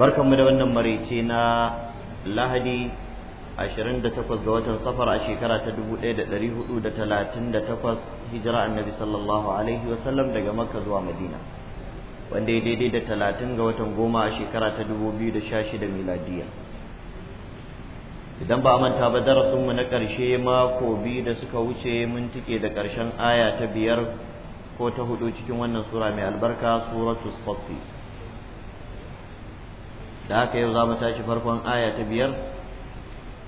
mu da wannan maraice na lahadi 28 ga watan safar a shekara ta 1438 hijira annabi sallallahu alaihi sallam daga makka zuwa madina wanda ya daidai da 30 ga watan goma a shekara ta 2016 miladiya idan ba manta ba darasinmu na ƙarshe mako biyu da suka wuce mun tike da ƙarshen aya ta biyar ko ta hudu cikin wannan sura mai albarka suratul safi da haka yau za mu tashi farkon aya ta biyar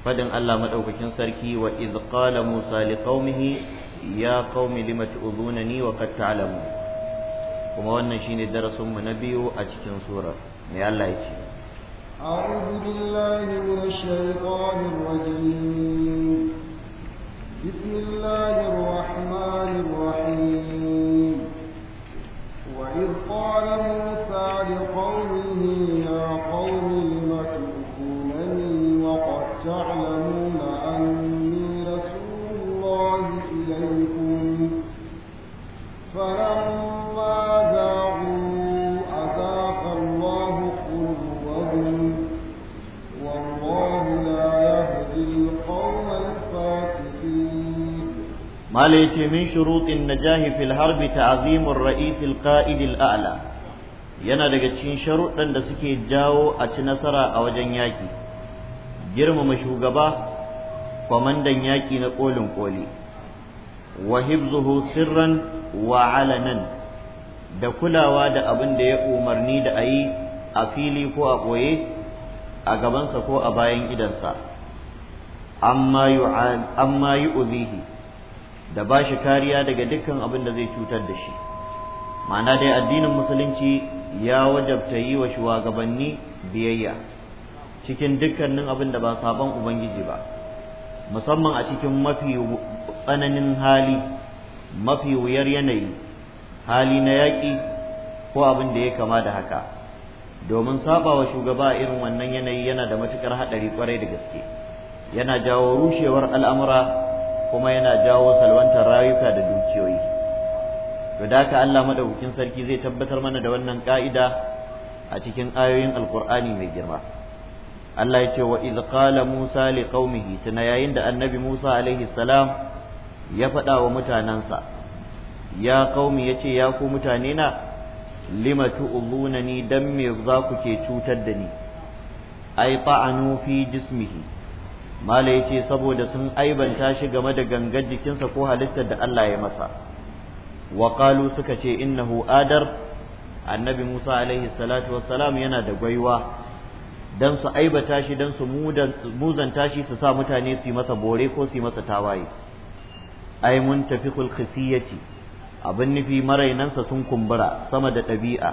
fadin Allah madaukakin sarki wa idh qala Musa liqaumihi ya qaumi lima tu'dunani wa qad ta'lamu kuma wannan shine darasin mu na biyu a cikin surar me Allah yake أعوذ بالله من الشيطان الرجيم بسم الله الرحمن الرحيم وإذ قال موسى لقومه mala yace min shurutin najahi fil harbi ta'zimur ra'is ka'idil qa'id a'la yana daga cikin sharuɗan da suke jawo a ci nasara a wajen yaki girmama shugaba kwamandan yaƙi na kolin koli wa hibzuhu sirran wa alanan da kulawa da abin da ya umarni da ayi a fili ko a ɓoye a gabansa ko a bayan idansa amma uzihi da ba shi kariya daga dukkan abin da zai cutar da shi ma'ana dai addinin musulunci ya wajabta yi wa shugabanni biyayya cikin dukkanin abin da ba sabon ubangiji ba musamman a cikin mafi tsananin hali mafi wuyar yanayi hali na yaƙi ko abin da ya kama da haka domin saba wa shugaba irin wannan yanayi yana da matukar haɗari kwarai da gaske yana jawo rushewar al'amura kuma yana jawo salwantar rayuka da dukiyoyi to da haka Allah madaukakin sarki zai tabbatar mana da wannan ka'ida a cikin ayoyin alkur'ani mai girma Allah ya ce wa iz qala Musa li qaumihi tana yayin da annabi Musa alaihi salam ya faɗa wa mutanansa ya qaumi yace ya ku mutane na lima tu'udhunani dan me za ku ke cutar da ni ai ta'anu fi jismihi mala yace saboda sun aibanta shi game da gangar jikinsa ko halittar da Allah ya masa wa suka ce innahu adar annabi Musa alaihi salatu wassalam yana da gwaiwa Don su aibata shi dan su muzanta shi su sa mutane su yi masa bore ko su yi masa tawaye ai mun tafi khifiyati abin nufi marainansa sun kumbura sama da ɗabi'a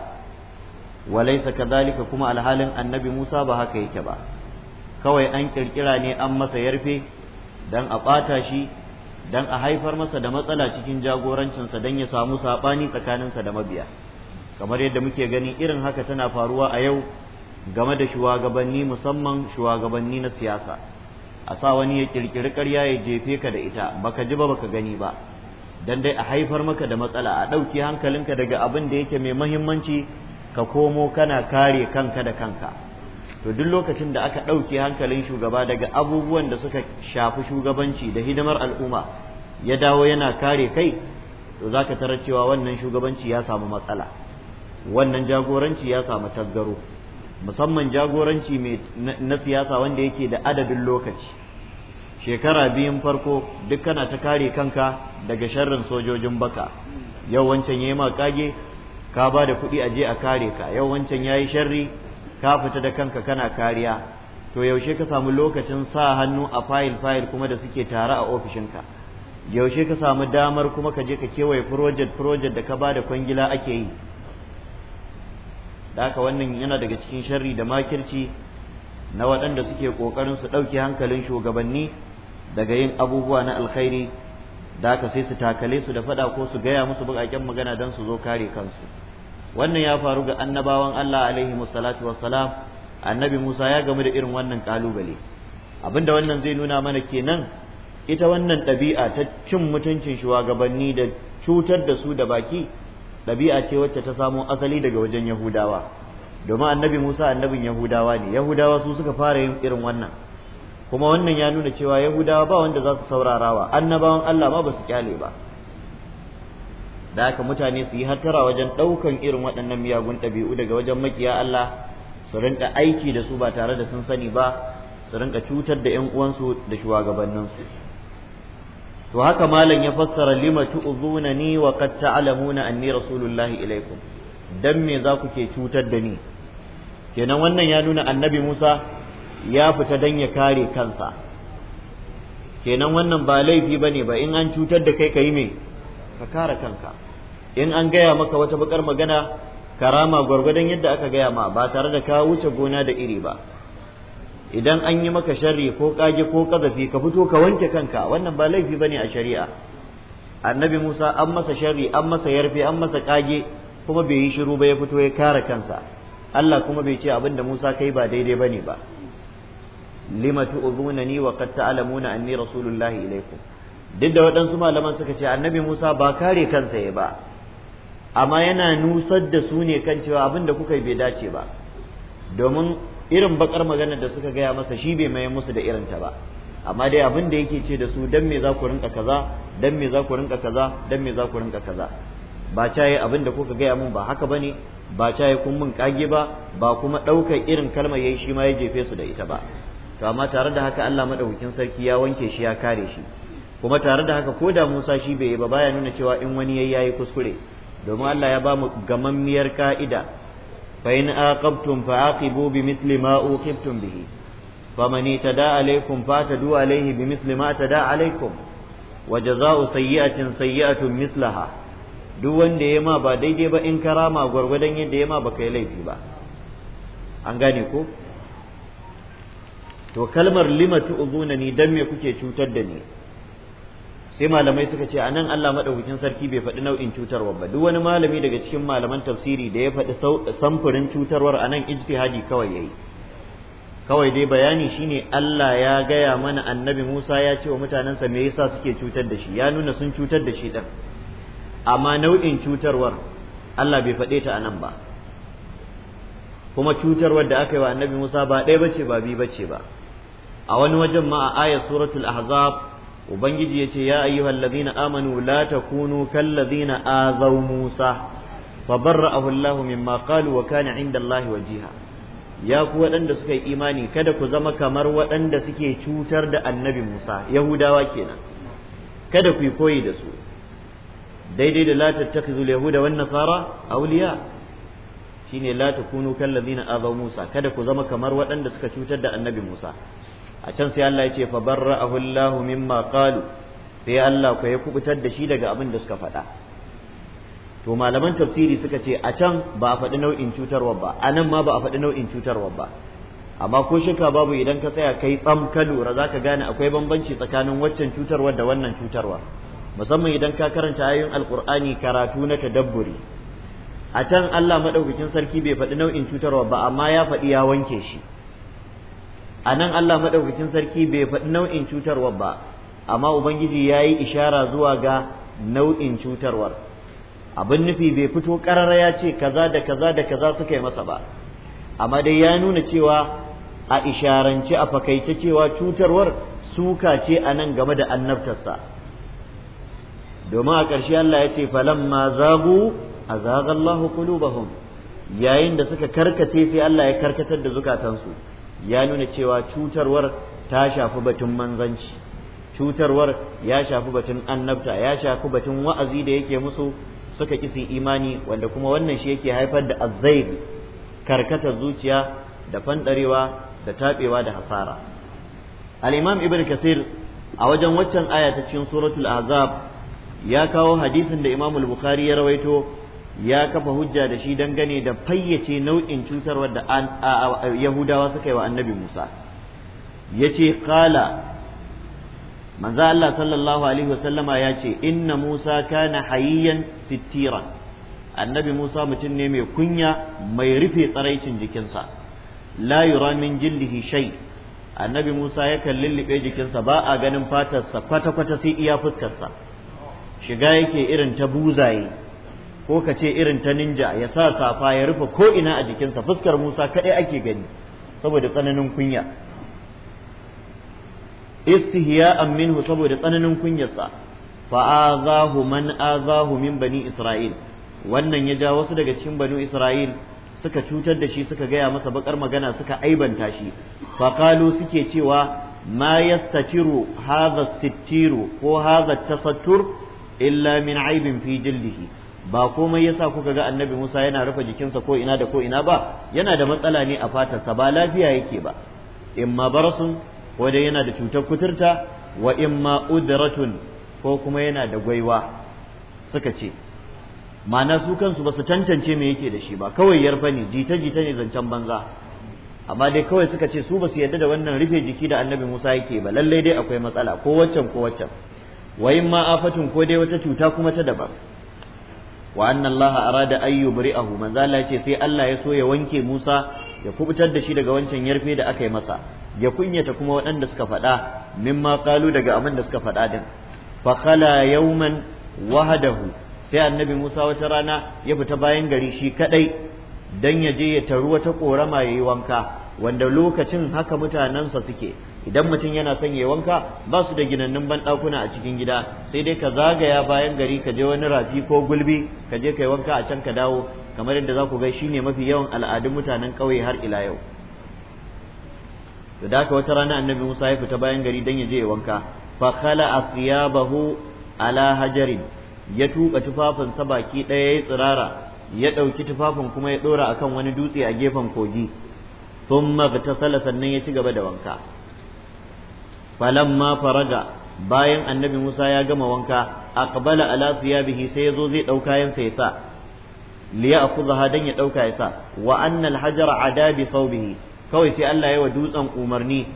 walaisa kadhalika kuma alhalin annabi Musa ba haka yake ba kawai an kirkira ne an masa yarfe dan a ɓata shi dan a haifar masa da matsala cikin jagorancinsa dan ya samu saɓani tsakaninsa da mabiya kamar yadda muke gani irin haka tana faruwa a yau game da shugabanni musamman shugabanni na siyasa a sa wani ya kirkiri ƙarya ya jefe ka da ita baka ji ba baka gani ba dan dai a haifar maka da matsala a ɗauki hankalinka daga abin da yake mai muhimmanci ka komo kana kare kanka da kanka to duk lokacin da aka ɗauke hankalin shugaba daga abubuwan da suka shafi shugabanci da hidimar al'umma ya dawo yana kare kai to za ka tarar cewa wannan shugabanci ya samu matsala wannan jagoranci ya samu taggaro musamman jagoranci mai na siyasa wanda yake da adadin lokaci shekara biyun farko duk kana ta kare kanka daga sharrin sojojin baka yau wancan ya yi kage ka ba da kuɗi a je a kare ka yau wancan ya yi sharri ka fita da kanka kana kariya to yaushe ka samu lokacin sa hannu a fayil fayil kuma da suke tare a ofishinka yaushe ka samu damar kuma ka je ka kewaye project project da ka ba da kwangila ake yi da haka wannan yana daga cikin sharri da makirci na waɗanda suke ƙoƙarin su ɗauke hankalin shugabanni daga yin abubuwa na alkhairi da haka sai su takale su da faɗa ko su gaya musu buƙaƙen magana don su zo kare kansu wannan ya faru ga annabawan Allah alaihi musallatu wassalam annabi Musa ya gamu da irin wannan kalubale abinda wannan zai nuna mana kenan ita wannan ɗabi'a ta cin mutuncin shugabanni da cutar da su da baki ɗabi'a ce wacce ta samo asali daga wajen Yahudawa domin annabi Musa annabin Yahudawa ne Yahudawa su suka fara yin irin wannan kuma wannan ya nuna cewa Yahudawa ba wanda za su wa annabawan Allah ma ba su kyale ba da haka mutane su yi hattara wajen ɗaukan irin waɗannan miyagun ɗabi'u daga wajen makiya Allah su rinka aiki da su ba tare da sun sani ba su rinka cutar da 'yan uwansu da shugabanninsu to haka malam ya fassara lima tu'zuna ni wa qad ta'lamuna anni rasulullahi ilaikum dan me za ku ke cutar da ni kenan wannan ya nuna annabi Musa ya fita dan ya kare kansa kenan wannan ba laifi bane ba in an cutar da kai kai me ka kare kanka in an gaya maka wata bakar magana karama gwargwadon yadda aka gaya ma ba tare da ka wuce gona da iri ba idan an yi maka sharri ko kage ko kazafi ka fito ka wanke kanka wannan ba laifi bane a shari'a annabi Musa an masa sharri an masa yarfe an masa kage kuma bai yi shiru ba ya fito ya kare kansa Allah kuma bai ce abin da Musa kai ba daidai bane ba lima tu'zunani wa qad ta'lamuna anni rasulullahi ilaikum duk da waɗansu malaman suka ce annabi Musa ba kare kansa ya ba amma yana nusar da su ne kan cewa abin da kuka yi bai dace ba domin irin bakar magana da suka gaya masa shi bai maye musu da irinta ba amma dai abin da yake ce da su dan me za ku rinka kaza dan me za ku rinka kaza dan me za ku rinka kaza ba caye abin da kuka gaya mun ba haka bane ba caye kun mun kage ba ba kuma ɗaukar irin kalmar yayi shi ma ya jefe su da ita ba to amma tare da haka Allah madaukakin sarki ya wanke shi ya kare shi kuma tare da haka ko da Musa shi bai yi ba baya nuna cewa in wani yayi yayi kuskure domin Allah ya ba mu gamammiyar ka'ida fa in aqabtum fa aqibu bimithli ma uqibtum bihi man itada alaykum tadu alayhi bimithli ma tada alaykum wa jazaa'u sayyi'atin sayyi'atun mislaha duk wanda ya ma ba daidai ba in karama gwargwadon yadda ya ma ba kai laifi ba an gane ko to kalmar lima tu'zuna ni dan me kuke cutar da ni sai malamai suka ce anan Allah madaukakin sarki bai faɗi nau'in cutarwar ba duk wani malami daga cikin malaman tafsiri da ya faɗi samfurin cutarwar anan ijtihadi kawai yayi kawai dai bayani shine Allah ya gaya mana annabi Musa ya ce wa mutanensa me yasa suke cutar da shi ya nuna sun cutar da shi din amma nau'in cutarwar Allah bai faɗe ta anan ba kuma cutarwar da aka yi wa annabi Musa ba ɗaya bace ba biyu bace ba a wani wajen ma a ayat suratul ahzab ubangiji ya ce ya ayyuhal ladina amanu la takunu kal ladina azaw musa fa barra'ahu allah mimma qalu wa kana 'inda allah wajiha ya ku waɗanda suka yi imani kada ku zama kamar waɗanda suke cutar da annabi musa yahudawa kenan kada ku yi koyi da su daidai da la tattakhizul yahuda wan nasara shi ne la Kunu kan ladina Azau Musa kada ku zama kamar waɗanda suka cutar da annabi Musa a can sai Allah ya ce fabarra ahullahu mimma qalu sai Allah ku ya kubutar da shi daga abin da suka faɗa to malaman tafsiri suka ce a can ba a faɗi nau'in cutarwa ba a nan ma ba a faɗi nau'in cutarwa ba amma ko shaka babu idan ka tsaya kai tsam ka lura zaka gane akwai bambanci tsakanin waccan cutarwa da wannan cutarwa musamman idan ka karanta ayoyin alqur'ani karatu na tadabburi a can Allah madaukakin sarki bai faɗi nau'in cutarwa ba amma ya faɗi ya wanke shi a nan Allah maɗaukakin sarki bai faɗi nau'in cutarwar ba amma ubangiji ya yi ishara zuwa ga nau'in cutarwar abin nufi bai fito ƙarara ya ce kaza da kaza da kaza suka yi masa ba amma dai ya nuna cewa a isharance a fakaice cewa cutarwar suka ce a nan game da annabtarsa domin a ƙarshe Allah ya ce falamma zagu azagallahu qulubahum yayin da suka karkace sai Allah ya karkatar da zukatansu ya nuna cewa cutarwar ta shafi batun manzanci cutarwar ya shafi batun annabta ya shafi batun wa'azi da yake musu suka kisi imani wanda kuma wannan shi yake haifar da azzaib karkatar zuciya da fandarewa da taɓewa da hasara al-imam ibn kasir a wajen waccan aya ta cikin suratul azab ya kawo hadisin da imam al-bukhari ya rawaito ya kafa hujja da shi dangane da fayyace nau'in cutarwar da yahudawa suka yi wa annabi musa ya ce kala Manza Allah sallallahu alaihi wasallama ya ce inna musa kana hayyan sitira annabi musa mutum ne mai kunya mai rufe tsaraicin jikinsa la yura min jillihi shay annabi musa yakan lullube jikinsa ba a ganin fatarsa kwata-kwata sai iya fuskarsa shiga yake irin ta buzaye ko ka ce irin ta ninja ya sa safa ya rufe ko ina a jikinsa fuskar Musa kaɗai ake gani saboda tsananin kunya istihya'an minhu saboda tsananin kunyarsa fa'azahu man azahu min bani Isra'il wannan ya ja wasu daga cikin bani Isra'il suka cutar da shi suka gaya masa bakar magana suka aibanta shi faƙalo suke cewa ma yastatiru hadha sittiru ko haza tasattur illa min aibin fi jildihi ba komai yasa kuka ga annabi Musa yana rufe jikinsa ko ina da ko ina ba yana da matsala ne a fatarsa ba lafiya yake ba in ma barasun ko dai yana da cutar kuturta wa in ma udratun ko kuma yana da gwaiwa suka ce ma'ana su kansu ba su tantance me yake da shi ba kawai yarfa ne jita jita ne zancen banza amma dai kawai suka ce su ba su yarda da wannan rufe jiki da annabi Musa yake ba lallai dai akwai matsala ko waccan ko waccan wa in ma afatun ko dai wata cuta kuma ta daban wa anna Allah arada ayyu manzala manzo Allah yace sai Allah ya so ya wanke Musa ya kubutar da shi daga wancan yarfe da aka yi masa ya kunyata kuma waɗanda suka faɗa mimma qalu daga abin da suka faɗa din fa khala yawman wahadahu sai annabi Musa wata rana ya fita bayan gari shi kadai dan ya je ya taru wata korama yayi wanka wanda lokacin haka mutanansa suke idan mutum yana son ya wanka ba su da ginannun banɗakuna a cikin gida sai dai ka zagaya bayan gari ka je wani rafi ko gulbi ka je ka yi wanka a can ka dawo kamar yadda za ku ga shi ne mafi yawan al'adun mutanen ƙauye har ila yau da haka wata rana annabi Musa ya fita bayan gari don ya je ya wanka fa khala athiyabahu ala hajarin ya tuka tufafin sa baki ɗaya ya tsirara ya ɗauki tufafin kuma ya ɗora akan wani dutse a gefen kogi ta sala sannan ya ci gaba da wanka falamma faraga bayan annabi Musa ya gama wanka aqbala ala thiyabihi sai yazo zai ɗauka yansa ya sa liya akuzaha dan ya dauka ya sa wa annal hajara adabi thawbihi kawai sai Allah ya wa dutsen umarni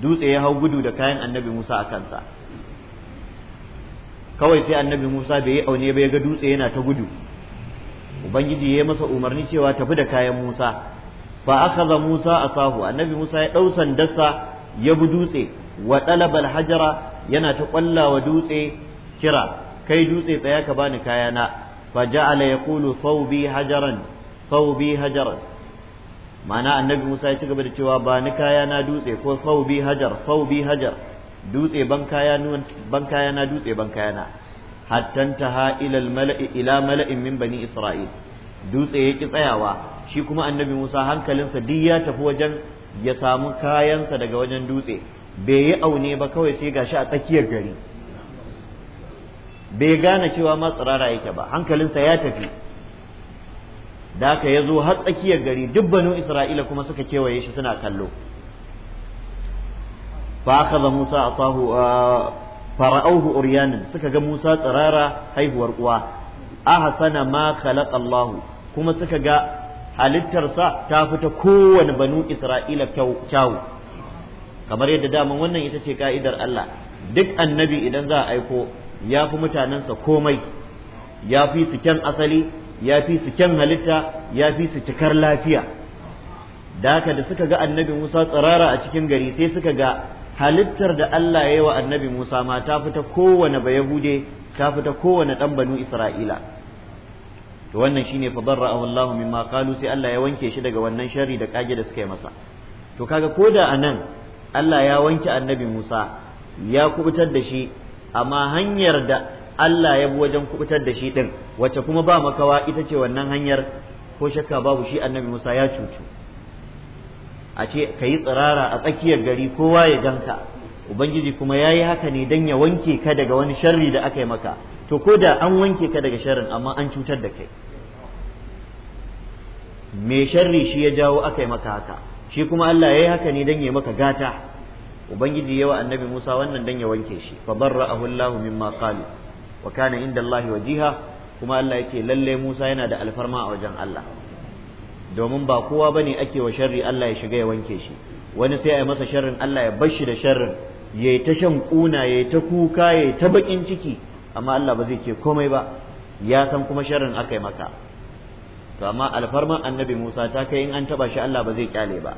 dutse ya hau gudu da kayan annabi Musa a kansa kawai sai annabi Musa bai yi aune ba ya ga dutse yana ta gudu ubangiji ya masa umarni cewa tafi da kayan Musa fa akhadha Musa asahu annabi Musa ya dau sandarsa ya bi dutse wa talabal hajara yana ta ƙwallawa dutse kira kai dutse tsaya ka bani kayana fa ja'ala yaqulu thawbi hajaran thawbi hajaran ma'ana annabi Musa ya ci gaba da cewa ba ni kayana dutse ko thawbi hajar thawbi hajar dutse ban kayana ban na dutse ban kayana hatta taha ila al-mala'i ila mala'in min bani isra'il dutse ya tsayawa shi kuma annabi Musa hankalinsa duk ya tafi wajen ya samu kayansa daga wajen dutse bai yi aune ba kawai sai gashi a tsakiyar gari bai gane cewa ma tsirara yake ba hankalinsa ya tafi da aka ya zo har tsakiyar gari dubbanin isra'ila kuma suka kewaye shi suna kallo fa akaza musa asahu fara'auhu uryanin suka ga musa tsirara haihuwar uwa ahsana ma khalaqa allah kuma suka ga halittarsa ta fita kowane banu isra'ila kyawu kamar yadda daman wannan ita ce ka'idar Allah duk annabi idan za a aiko ya fi mutanensa komai ya fi su kyan asali ya fi su kyan halitta ya fi su cikar lafiya da haka da suka ga annabi Musa tsirara a cikin gari sai suka ga halittar da Allah ya yi wa annabi Musa ma ta fita kowane bayahude ta fita kowane ɗan banu Isra'ila to wannan shine fa ra'awun Allah mimma qalu sai Allah ya wanke shi daga wannan sharri da kage da suka yi masa to kaga koda anan Allah ya wanke annabi Musa ya kubutar da shi amma hanyar da Allah ya bi wajen kubutar da shi din wacce kuma ba makawa ita ce wannan hanyar ko shakka babu shi annabi Musa ya cucu a ce ka yi tsirara a tsakiyar gari kowa ya ganka ubangiji kuma ya yi haka ne don ya wanke ka daga wani sharri da aka yi maka to ko da an wanke ka daga sharrin amma an cutar da kai me sharri shi ya jawo aka yi maka haka shi kuma Allah ya yi haka ne dan ya maka gata ubangiji yawa annabi Musa wannan dan ya wanke shi fa barra'ahu Allahu mimma qalu wa kana inda Allahi wajiha kuma Allah yake lalle Musa yana da alfarma a wajen Allah domin ba kowa bane ake wa shari Allah ya shiga ya wanke shi wani sai a masa sharrin Allah ya bashi shi da sharrin yayi ta shan kuna yayi ta kuka yayi ta bakin ciki amma Allah ba zai ce komai ba ya san kuma sharrin aka yi maka to amma alfarman annabi Musa ta kai in an taba shi Allah ba zai kyale ba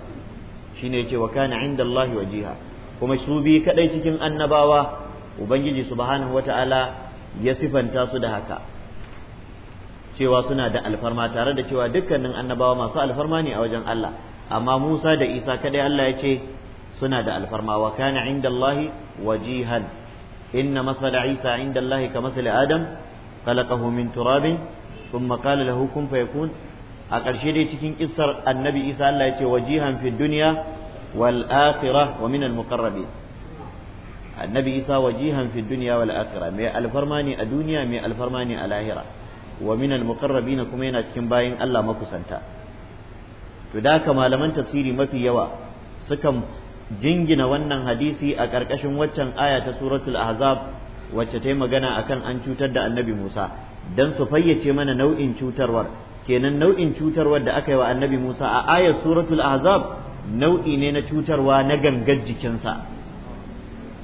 shine yake wa kana indallahi wajiha kuma su bi kadai cikin annabawa ubangiji subhanahu wataala ya sifanta su da haka cewa suna da alfarma tare da cewa dukkanin annabawa masu alfarma ne a wajen Allah amma Musa da Isa kadai Allah ya ce suna da alfarma wa kana indallahi wajihan inna masala Isa indallahi ka masala Adam خلقه من turabin. sun maƙala lahu kun fayakun a ƙarshe dai cikin kissar annabi isa Allah ce wajihan fi duniya wal wa min al annabi isa wajihan fi duniya wal mai alfarma a duniya mai alfarma ne a lahira wa min al muqarrabin kuma yana cikin bayan Allah makusanta to da haka malaman tafsiri mafi yawa sukan jingina wannan hadisi a ƙarƙashin waccan aya ta suratul ahzab wacce ta magana akan an cutar da annabi Musa dan su fayyace mana nau'in cutarwar kenan nau'in cutarwar da aka yi wa annabi Musa a ayar suratul ahzab nau'i ne na cutarwa na gangar jikinsa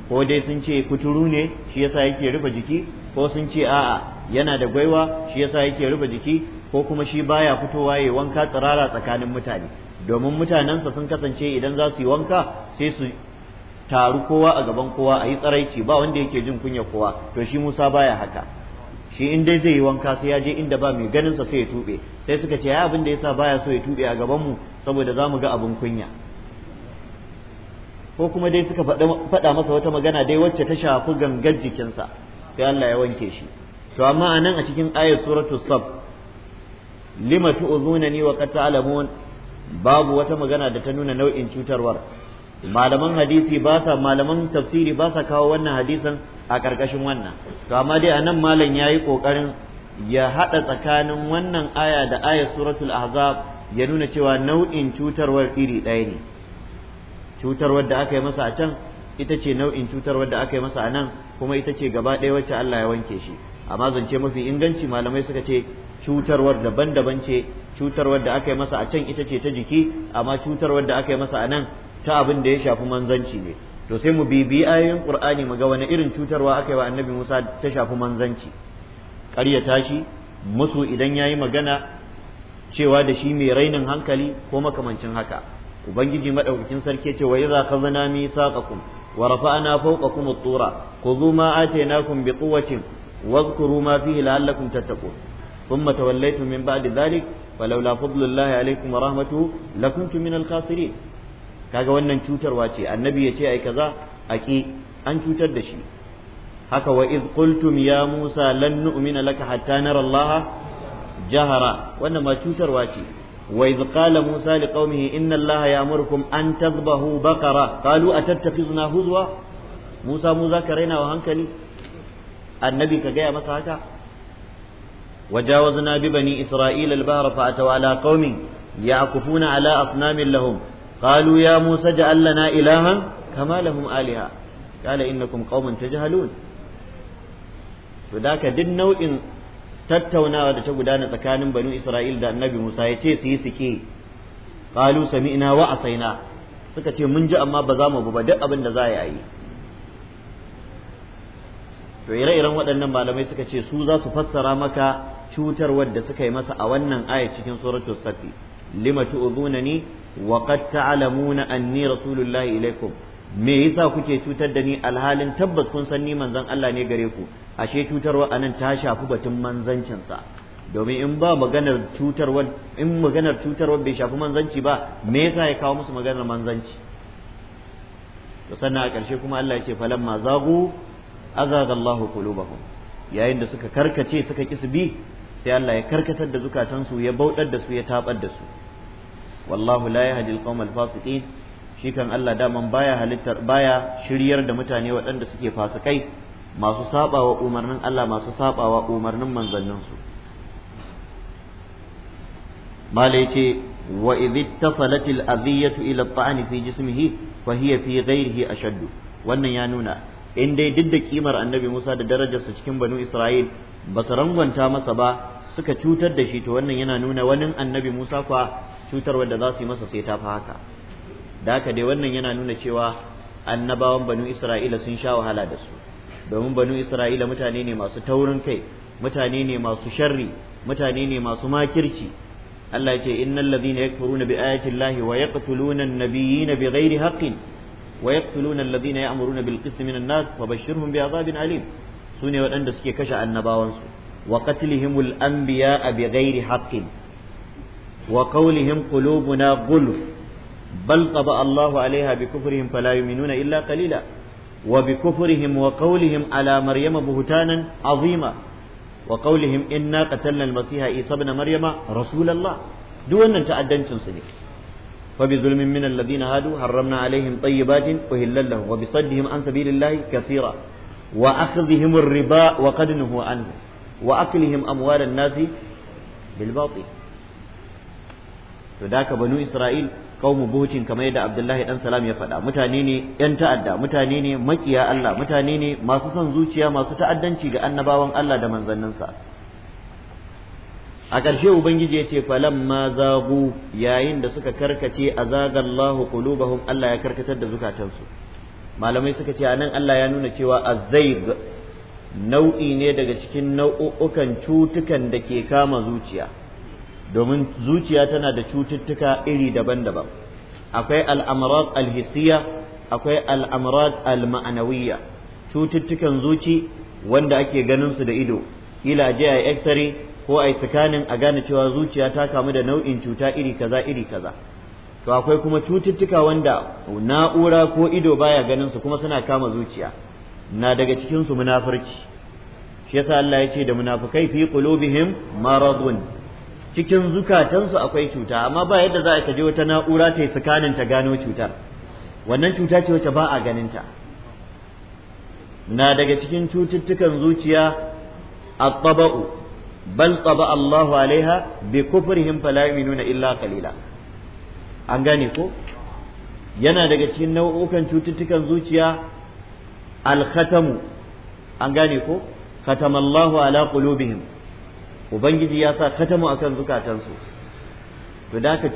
ko dai sun ce kuturu ne shi yasa yake rufe jiki ko sun ce a'a yana da gwaiwa shi yasa yake rufe jiki ko kuma shi baya fitowa yayi wanka tsirara tsakanin mutane domin mutanensa sun kasance idan za su yi wanka sai su taru kowa a gaban kowa a yi tsaraici ba wanda yake jin kunya kowa to shi Musa baya haka shi in dai zai yi wanka sai ya je inda ba mai ganin sa sai ya tube sai suka ce ya abin da yasa baya so ya tube a gaban mu saboda zamu ga abin kunya ko kuma dai suka faɗa masa wata magana dai wacce ta shafi gangar jikinsa sai Allah ya wanke shi to amma anan a cikin ayat suratu sab lima tu'zunani wa qad babu wata magana da ta nuna nau'in cutarwar malaman hadisi ba sa malaman tafsiri ba sa kawo wannan hadisin a ƙarƙashin wannan to amma dai anan malam yayi kokarin ya hada tsakanin wannan aya da ayar suratul ahzab ya nuna cewa nau'in cutarwar iri ɗaya ne cutarwar da aka yi masa a can ita ce nau'in cutarwar da aka yi masa a nan kuma ita ce gaba ɗaya wacce Allah ya wanke shi amma zance mafi inganci malamai suka ce cutarwar daban-daban ce cutarwar da aka yi masa a can ita ce ta jiki amma cutarwar da aka yi masa a nan ta abin da ya shafi manzanci ne to sai mu bibiyi ayoyin qur'ani mu ga wani irin cutarwa aka yi wa annabi Musa ta shafi manzanci ƙaryata tashi musu idan yayi magana cewa da shi mai rainin hankali ko makamancin haka ubangiji madaukakin sarki ce wa idza khazna mithaqakum wa rafa'na fawqakum at-tura khudhu ma atainakum biquwwatin واذكروا ما فيه لعلكم تتقون ثم توليتم من بعد ذلك فلولا فضل الله عليكم ورحمته لكنتم من الخاسرين kaga wannan cutarwa ce annabi ya ce ai kaza aki an cutar da shi haka wa iz qultum ya musa lan nu'mina laka hatta nara allaha jahara wannan ma cutarwa ce wa iz qala musa liqaumihi inna allaha ya'murukum an tadhbahu baqara qalu atattakhizuna huzwa musa mu zaka raina wa hankali annabi ka gaya masa haka وجاوزنا ببني إسرائيل البحر فأتوا على قوم يعكفون على أصنام لهم قالوا يا موسى اجعل لنا إلها كما لهم آلهة قال إنكم قوم تجهلون فذاك duk nau'in tattaunawa da ta gudana tsakanin banu Isra'il da annabi Musa ya ce su yi suke qalu sami'na wa asaina suka ce mun ji amma ba za mu ba duk abin da za a yi to ire-iren waɗannan malamai suka ce su za su fassara maka cutar da suka yi masa a wannan aya cikin suratul safi lima tu'dhunani wa qad ta'lamuna anni rasulullahi ilaikum me yasa kuke cutar da ni alhalin tabbas kun san ni manzon Allah ne gare ku ashe cutarwa anan ta shafi batun manzancin sa domin in ba maganar cutarwa in maganar cutarwa bai shafi manzanci ba me yasa ya kawo musu maganar manzanci to sannan a ƙarshe kuma Allah ya ce falamma zagu azaga qulubahum yayin da suka karkace suka ki bi sai Allah ya karkatar da zukatansu ya bautar da su ya tabar da su wallahu la yahdi al-qawm al shi kan Allah daman baya halittar baya shiryar da mutane waɗanda suke fasikai masu sabawa umarnin Allah masu sabawa umarnin manzanninsu mala ce wa idh ittasalat al-adhiyatu ila at fi jismihi fa hiya fi ghayrihi ashaddu wannan ya nuna in dai duk da kimar annabi Musa da darajarsa cikin banu Isra'il ba su rangwanta masa ba suka cutar da shi to wannan yana nuna wani annabi Musa fa cutar wanda za su yi masa sai ta fa haka da haka dai wannan yana nuna cewa annabawan banu Isra'ila sun sha wahala da su domin banu Isra'ila mutane ne masu taurin kai mutane ne masu sharri mutane ne masu makirci Allah ya ce innal ladhina yakfuruna bi ayati llahi wa yaqtuluna an-nabiyina bighairi haqqin wa yaqtuluna alladhina ya'muruna bil qisti minan nas fabashshirhum bi'adhabin alim su ne waɗanda suke kashe annabawansu wa qatlihimul anbiya bi ghairi haqqin wa qawlihim qulubuna gulf bal taba Allahu alaiha bi kufrihim fala yu'minuna illa qalila wa bi kufrihim wa qawlihim ala maryama buhtanan azima wa qawlihim inna qatalna al-masiha isa ibn maryama rasulullah duk wannan ta'addancin su ne فبظلم من الذين هادوا حرمنا عليهم طيبات أهلا لهم وبصدهم عن سبيل الله كثيرا wa akhdhihim ar-riba wa qad nuhu anhu to da ka banu isra'il qaumu buhutin kamar yadda abdullahi dan salam ya faɗa mutane ne yan ta'adda mutane ne makiya Allah mutane ne masu son zuciya masu ta'addanci ga annabawan Allah da manzanninsa a ƙarshe ubangiji ya ce falamma zagu yayin da suka karkace azagallahu qulubahum Allah ya karkatar da zukatansu malamai suka ce anan Allah ya nuna cewa azzaig nau'i ne daga cikin nau'ukan cutukan da ke kama zuciya domin zuciya tana da cututtuka iri daban-daban akwai al'amrad alhisiya akwai al alma'anawiyya cututtukan zuci wanda ake ganin su da ido kila je a yi ko a yi a gane cewa zuciya ta kamu da nau'in cuta iri kaza iri kaza to akwai kuma cututtuka wanda na'ura ko ido baya ganin su kuma suna kama zuciya na daga cikin su munafurci shi yasa Allah ya da munafukai fi qulubihim maradun cikin zukatansu akwai cuta amma ba yadda za a je wata na'ura ta yi sakanin ta gano cutar wannan cuta ce wacce ba a ganin ta na daga cikin cututtukan zuciya at-taba'u bal taba Allahu alaiha bi kufrihim fala yu'minuna illa qalila an gane ko yana daga cikin nau'ukan cututtukan zuciya alkhatamu an gane ko khatamallahu ala qulubihim ubangiji ya sa khatamu akan zukatansu to da ka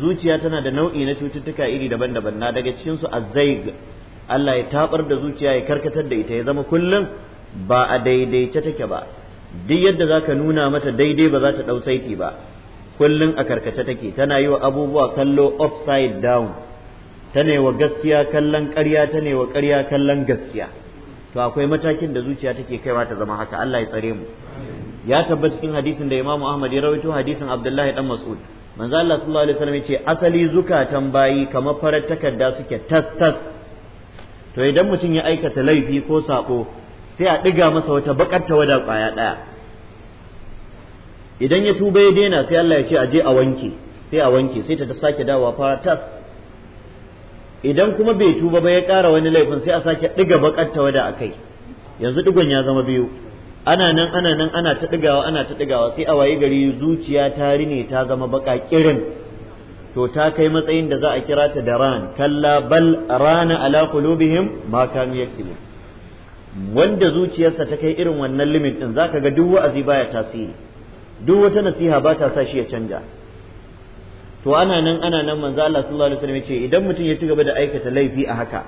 zuciya tana da nau'i na cututtuka iri daban-daban na daga cikin su azzaig Allah ya tabar da zuciya ya karkatar da ita ya zama kullum ba a daidaice take ba duk yadda zaka nuna mata daidai ba za ta dau saiti ba kullum a karkace take tana yi wa abubuwa kallo upside down ta ne wa gaskiya kallon ƙarya ta ne wa ƙarya kallon gaskiya to akwai matakin da zuciya take kaiwa ta zama haka Allah ya tsare mu ya tabbata cikin hadisin da Imam Ahmad ya rawaito hadisin Abdullahi dan Mas'ud manzo Allah sallallahu alaihi wasallam yace asali zukatan bayi kamar farar takarda suke tas tas to idan mutum ya aikata laifi ko sako sai a diga masa wata bakar ta wada kwaya daya idan ya tuba ya daina sai Allah ya ce aje a wanke sai a wanke sai ta sake dawa fara tas idan kuma bai tuba ba ya ƙara wani laifin sai a sake ɗiga baƙar tawada a kai yanzu ɗigon ya zama biyu ana nan ana nan ana ta ɗigawa ana ta ɗigawa sai a waye gari zuciya ta rine ta zama baka kirin to ta kai matsayin da za a kira ta da ran kalla bal rana ala qulubihim ma kanu yaksibun wanda zuciyarsa ta kai irin wannan limit din zaka ga duk wa'azi baya tasiri duk wata nasiha ba ta sa shi ya canja to ana nan ana nan manzo Allah sallallahu alaihi wasallam yace idan mutum ya ci gaba da aikata laifi a haka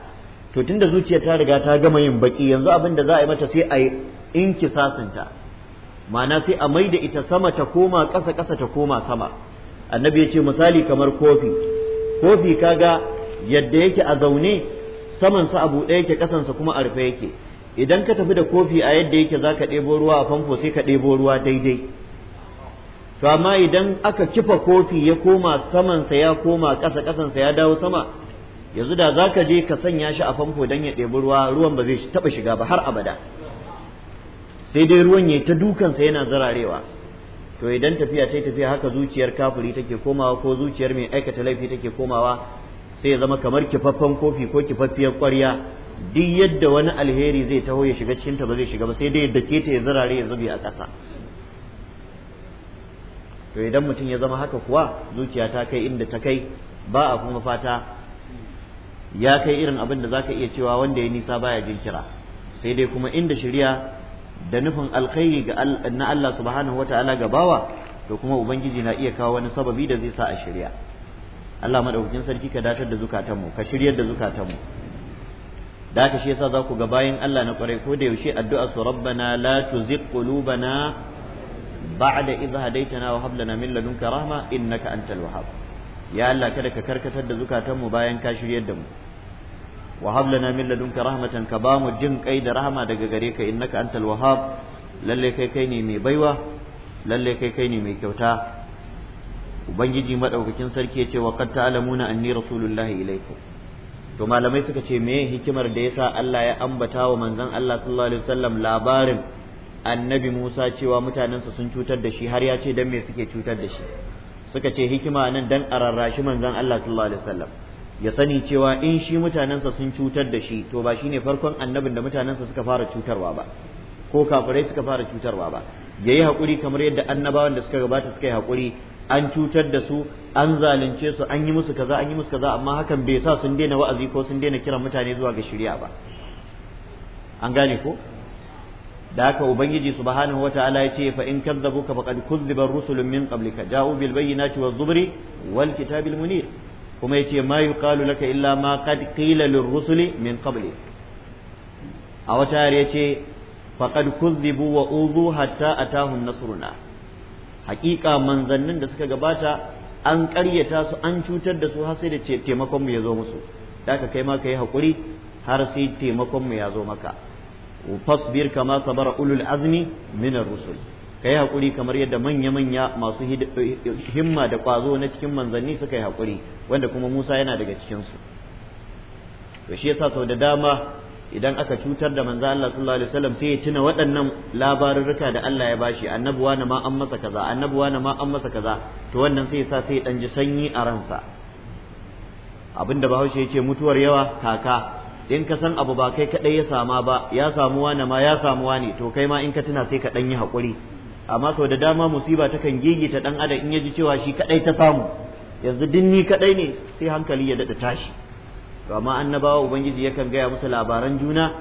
to tunda zuciya ta riga ta gama yin baki yanzu abin da za a yi mata sai a yi inkisasinta ma'ana sai a maida ita sama ta koma ƙasa ƙasa ta koma sama annabi ya ce misali kamar kofi kofi kaga yadda yake a zaune saman sa abu ɗaya yake ƙasansa kuma a rufe yake idan ka tafi da kofi a yadda yake zaka ɗebo ruwa a famfo sai ka ɗebo ruwa daidai to amma idan aka kifa kofi ya koma samansa ya koma ƙasa ƙasansa ya dawo sama yanzu da za ka je ka sanya shi a famfo dan ya ɗebi ruwa ruwan ba zai taɓa shiga ba har abada sai dai ruwan ya ta dukansa yana zararewa to idan tafiya ta tafiya haka zuciyar kafiri take komawa ko zuciyar mai aikata laifi take komawa sai ya zama kamar kifaffen kofi ko kifaffiyar ƙwarya duk yadda wani alheri zai taho ya shiga cikinta ba zai shiga ba sai dai ya ke ta ya zirare ya zube a ƙasa to idan mutum ya zama haka kuwa zuciya ta kai inda ta kai ba a kuma fata ya kai irin abin da za ka iya cewa wanda ya nisa baya jin kira sai dai kuma inda shirya da nufin alkhairi ga na Allah subhanahu wataala ga bawa to kuma ubangiji na iya kawo wani sababi da zai sa a shirya Allah madaukakin sarki ka datar da zukatanmu ka shiryar da zukatanmu da haka shi yasa za ku ga bayan Allah na kwarai ko da yaushe addu'a su rabbana la tuzigh qulubana بعد إذ هديتنا وهب لنا من لدنك رحمة إنك أنت الوهاب يا الله كذا كركة الدزكاة مباين كاشر يدم وهب لنا من لدنك رحمة كبام الجن كيد رحمة دقاريك إنك أنت الوهاب للي كي كيني مي بيوة للي كي كيني مي كوتا ubangiji madaukakin sarki yace wa qad ta'lamuna anni rasulullahi ilaikum to malamai suka ce me hikimar da yasa Allah ya ambata wa manzon Allah sallallahu alaihi wasallam labarin annabi Musa cewa mutanensa sun cutar da shi har ya ce dan me suke cutar da shi suka ce hikima nan dan a rarrashi manzon Allah sallallahu alaihi wasallam ya sani cewa in shi mutanensa sun cutar da shi to ba shine farkon annabin da mutanensa suka fara cutarwa ba ko kafirai suka fara cutarwa ba yayi hakuri kamar yadda annabawan da suka gabata suka yi hakuri an cutar da su an zalunce su an yi musu kaza an yi musu kaza amma hakan bai sa sun daina wa'azi ko sun daina kiran mutane zuwa ga shari'a ba an gane ko da haka ubangiji subhanahu wataala ya ce fa in kadzabuka faqad kuzziba rusulun min qablika ja'u bil bayyinati waz zubri wal kitabil munir kuma yace ma yuqalu laka illa ma qad qila lir rusuli min qabli a wata yare yace faqad kuzzibu wa udhu hatta atahum nasruna haƙiƙa manzannin da suka gabata an karyata su an cutar da su har sai da taimakon mu ya zo musu da ka kai ma ka yi har sai taimakon mu ya zo maka fasbir kama sabara ulul azmi min ar-rusul kai hakuri kamar yadda manya manya masu himma da kwazo na cikin manzanni suka yi hakuri wanda kuma Musa yana daga cikin su to shi yasa sau da dama idan aka cutar da manzo Allah sallallahu alaihi wasallam sai ya tuna waɗannan labarurruka da Allah ya bashi annabuwa na ma an masa kaza annabuwa na ma an masa kaza to wannan sai yasa sai ya dan ji sanyi a ransa abinda Bahaushe yake mutuwar yawa kaka in ka san abu ba kai kaɗai ya sama ba ya samu wani ma ya samu wani to kai ma in ka tuna sai ka dan yi hakuri amma sau da dama musiba ta kan gigita ɗan adam in ya ji cewa shi kaɗai ta samu yanzu din ni kadai ne sai hankali ya dada tashi to amma annabawa ubangiji yakan gaya musu labaran juna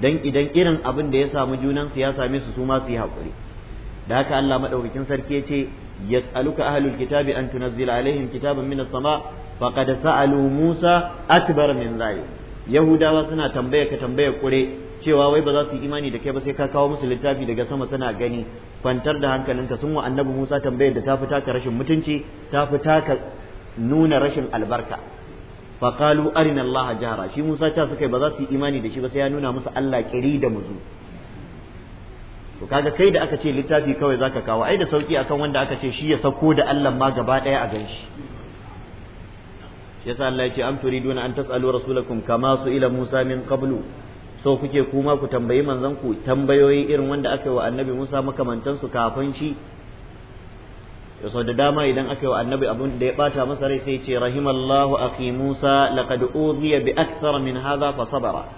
dan idan irin abin da ya samu junan su ya same su su ma su yi hakuri da haka Allah madaukakin sarki ya ce yas'aluka ahlul kitabi an tunazzila alaihim kitaban minas sama faqad sa'alu Musa akbar min zalik yahudawa suna tambaya ka tambaya kure cewa wai ba za su yi imani da kai ba sai ka kawo musu littafi daga sama suna gani kwantar da hankalinka sun wa annabi Musa tambayar da ta fi taka rashin mutunci ta fi taka nuna rashin albarka faqalu arina Allah jahara shi Musa ta suka ba za su yi imani da shi ba sai ya nuna musu Allah kiri da muzu to kaga kai da aka ce littafi kawai zaka kawo ai da sauki akan wanda aka ce shi ya sako da Allah ma gaba daya a ganshi yasa Allah ya ce am turiduna an tasalu rasulakum kama su ila Musa min qablu so kuke kuma ku tambayi manzon ku tambayoyi irin wanda aka yi wa annabi Musa makamantan su kafin shi sau da dama idan aka yi wa annabi abun da ya bata masa rai sai ce rahimallahu akhi Musa laqad udhiya bi akthar min hadha fa sabara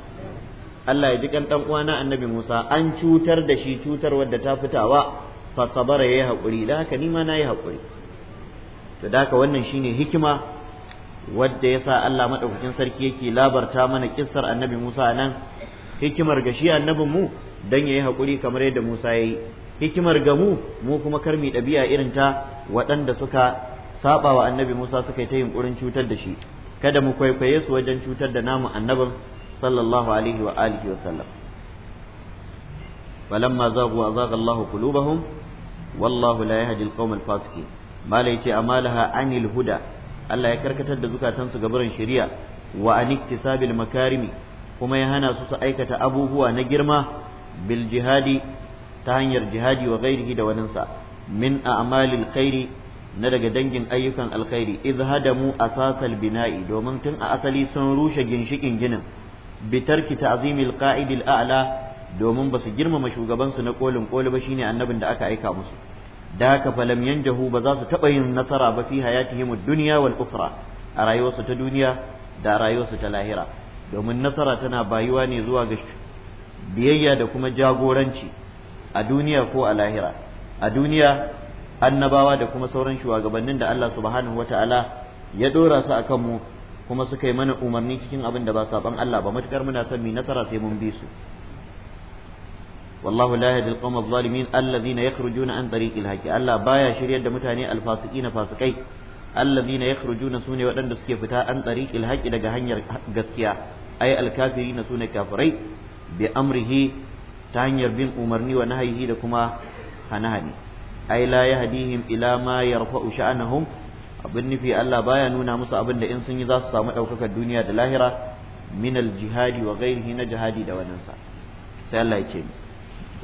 Allah ya ji kan dan uwana annabi Musa an cutar da shi cutar wadda ta fitawa fa sabara yayi hakuri da haka ni ma nayi hakuri to da haka wannan shine hikima wadda ya sa Allah maɗaukakin sarki yake labarta mana kissar annabi Musa nan hikimar ga shi annabin mu dan yayi haƙuri kamar yadda Musa ya yi hikimar ga mu mu kuma karmi ɗabi'a irin ta waɗanda suka saba wa annabi Musa suka yi ta yunƙurin cutar da shi kada mu kwaikwaye su wajen cutar da namu annabin sallallahu alaihi wa alihi wa sallam falamma zagu azaga Allah wallahu la yahdi al-qawma al-fasiqin mala yace amalaha huda Allah ya karkatar da zukatansu ga barin shari'a wa aniktisabil makarimi kuma ya hana su su aikata abubuwa na girma bil jihadi ta hanyar jihadi wa ghairihi da waninsa min a'malil khairi na daga dangin ayyukan alkhairi iz hadamu asasal bina'i domin tun a asali sun rushe ginshikin ginin bitarki ta'zimil qa'idil a'la domin ba su girmama shugabansu na kolin koli ba shine annabin da aka aika musu da haka falam yanjahu ba za su taɓa yin nasara ba fi hayatihim ad-dunya wal ukhra a rayuwarsu ta duniya da rayuwarsu ta lahira domin nasara tana bayuwa ne zuwa ga biyayya da kuma jagoranci a duniya ko a lahira a duniya annabawa da kuma sauran shugabannin da Allah subhanahu wata'ala ya dora su akan mu kuma suka yi mana umarni cikin abin da ba saban Allah ba matukar muna son mu nasara sai mun bi su wallahu la yahdi al-qawma adh-dhalimin alladhina yakhrujuna an tariqi al-haqq Allah baya shiryar da mutane al-fasiqina fasikai alladhina yakhrujuna sune waɗanda suke fita an tariqi al-haqq daga hanyar gaskiya ay al-kafirina sune kafirai bi amrihi ta hanyar bin umarni wa nahyihi da kuma hanahani ay la yahdihim ila ma yarfa'u sha'anahum abin nufi Allah baya nuna musu abin da in sun yi za su samu ɗaukakar duniya da lahira minal jihadi wa ghairihi na jihadi da waninsa sai Allah ya ce ni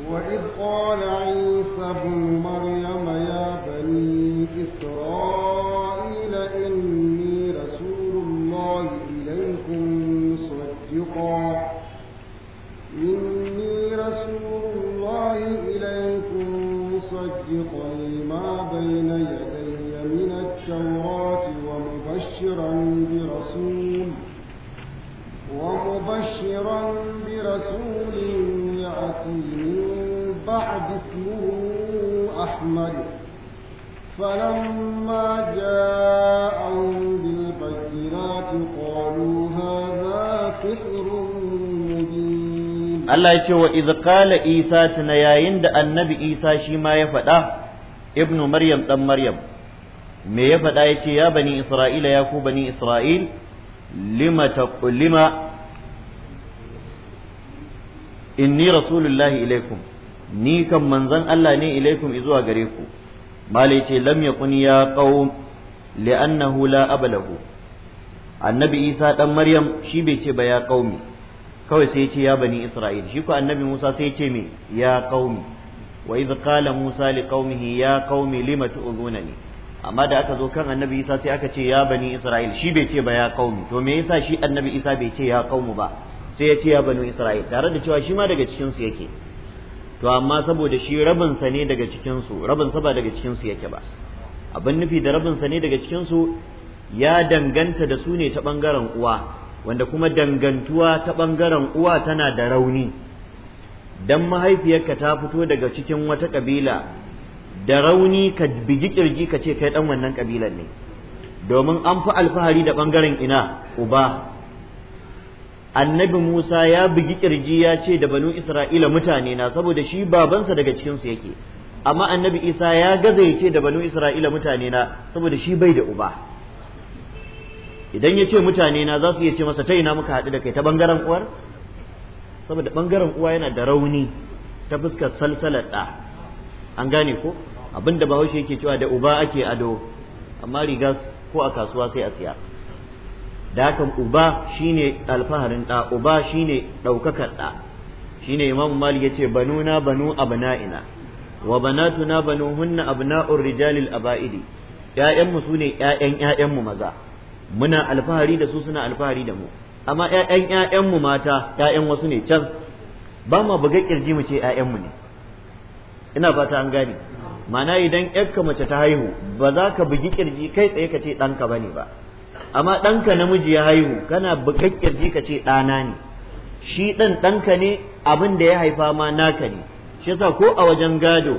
وإذ قال عيسى ابن مريم يا بني إسرائيل إني رسول الله إليكم مصدقا إني رسول الله إليكم مصدقا لما بين يدي من التوراة ومبشرا برسول ومبشرا برسول بعد اسمه أحمد Allah ya ce wa iz qala isa tuna yayin da annabi isa shi ma ya faɗa ibnu maryam dan maryam me ya faɗa ya ce ya bani isra'ila ya ku bani isra'il lima taqul lima inni rasulullahi ilaikum ni kan manzan Allah ne ilaikum zuwa gare ku malai ce lam yakun ya qaum li'annahu la ablahu annabi isa dan maryam shi bai ce ba ya qaumi kawai sai ya ce ya bani isra'il shi ko annabi musa sai ya ce me ya qaumi wa idh qala musa qaumihi ya qaumi lima tu'zunani amma da aka zo kan annabi isa sai aka ce ya bani isra'il shi bai ce ba ya qaumi to me yasa shi annabi isa bai ce ya qaumu ba sai ya ce ya bani isra'il tare da cewa shi ma daga cikin su yake to amma saboda shi rabin sa ne daga cikin su rabin sa ba daga cikin su yake ba abin nufi da rabin sa ne daga cikin su ya danganta da su ne ta bangaren uwa wanda kuma dangantuwa ta bangaren uwa tana da rauni dan mahaifiyarka ta fito daga cikin wata kabila da rauni ka biji kirji ka ce kai dan wannan kabilan ne domin an fi alfahari da bangaren ina uba annabi Musa ya bugi kirji ya ce da banu Isra'ila mutane na saboda shi babansa daga cikinsu yake amma annabi Isa ya gaza ya ce da banu Isra'ila mutane na saboda shi bai da uba idan ya ce mutane na za su iya ce masa ta ina muka haɗu da kai ta ɓangaren uwar saboda ɓangaren uwa yana da rauni ta fuskar salsalar ɗa an gane ko abinda bahaushe yake cewa da uba ake ado amma riga ko a kasuwa sai a siya da uba shine alfaharin da uba shine daukakar da shine imamu malik yace banuna banu abna'ina wa banatuna banuhunna abna'ur rijalil aba'idi ƴaƴan mu sune ƴaƴan ƴaƴan mu maza muna alfahari da su suna alfahari da mu amma ƴaƴan ƴaƴan mu mata ƴaƴan wasu ne can ba ma buga kirji mu ce ƴaƴan mu ne ina fata an gane ma'ana idan ƴarka mace ta haihu ba za ka bugi kirji kai tsaye ka ce ɗanka bane ba amma ɗanka namiji ya haihu kana bukakkiyar ji ka ce ɗana ne shi ɗan ɗanka ne abin da ya haifa ma naka ne shi yasa ko a wajen gado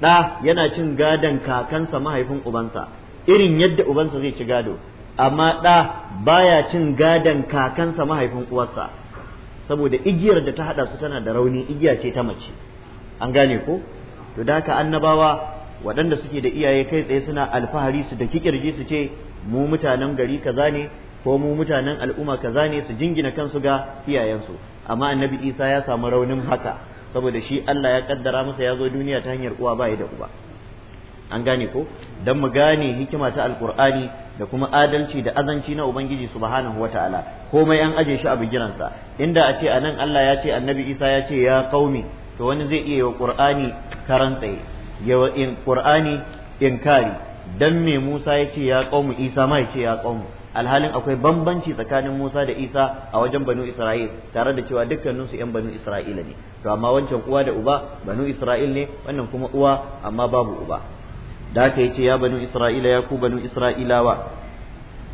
ɗa yana cin gadon kakansa mahaifin ubansa irin yadda ubansa zai ci gado amma ɗa baya cin gadon kakansa mahaifin uwarsa saboda igiyar da ta haɗa su tana da rauni igiya ce ta mace an gane ko to da haka annabawa waɗanda suke da iyaye kai tsaye suna alfahari su da kikirji su ce mu mutanen gari kaza ne ko mu mutanen al'umma kaza ne su jingina kansu ga iyayensu amma annabi isa ya samu raunin haka saboda shi Allah ya kaddara masa ya zo duniya ta hanyar uwa ba da uba an gane ko dan mu gane hikima ta alqur'ani da kuma adalci da azanci na ubangiji subhanahu wataala komai an aje shi a giransa. inda a ce anan Allah ya ce annabi isa ya ce ya qaumi to wani zai iya yi wa qur'ani karan tsaye yawa in qur'ani inkari dan me Musa ya ce ya kaumu Isa ma ya ce ya qaumu alhalin akwai bambanci tsakanin Musa da Isa a wajen Banu Isra'il tare da cewa dukkanin su ƴan Banu Isra'ila ne to amma wancan uwa da uba Banu Isra'il ne wannan kuma uwa amma babu uba da haka yace ya Banu Isra'ila ya ku Banu Isra'ilawa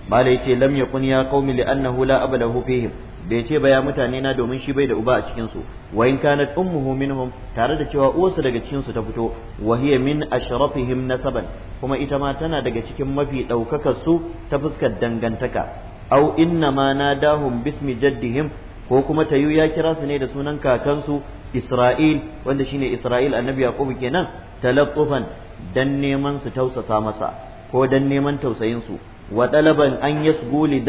mala yace lam yakun ya qaumi li annahu la abalahu fihim bai ce ba ya mutane na domin shi bai da uba a cikin su wa in kanat ummuhu minhum tare da cewa uwarsa daga cikin su ta fito wa hiya min ashrafihim nasaban kuma ita ma tana daga cikin mafi daukakar su ta fuskar dangantaka au inna ma nadahum bismi jaddihim ko kuma tayu ya kira su ne da sunan kakansu Isra'il wanda shine Isra'il annabi Yaqub kenan talaqqufan dan neman su tausasa masa ko dan neman tausayin su wa talaban an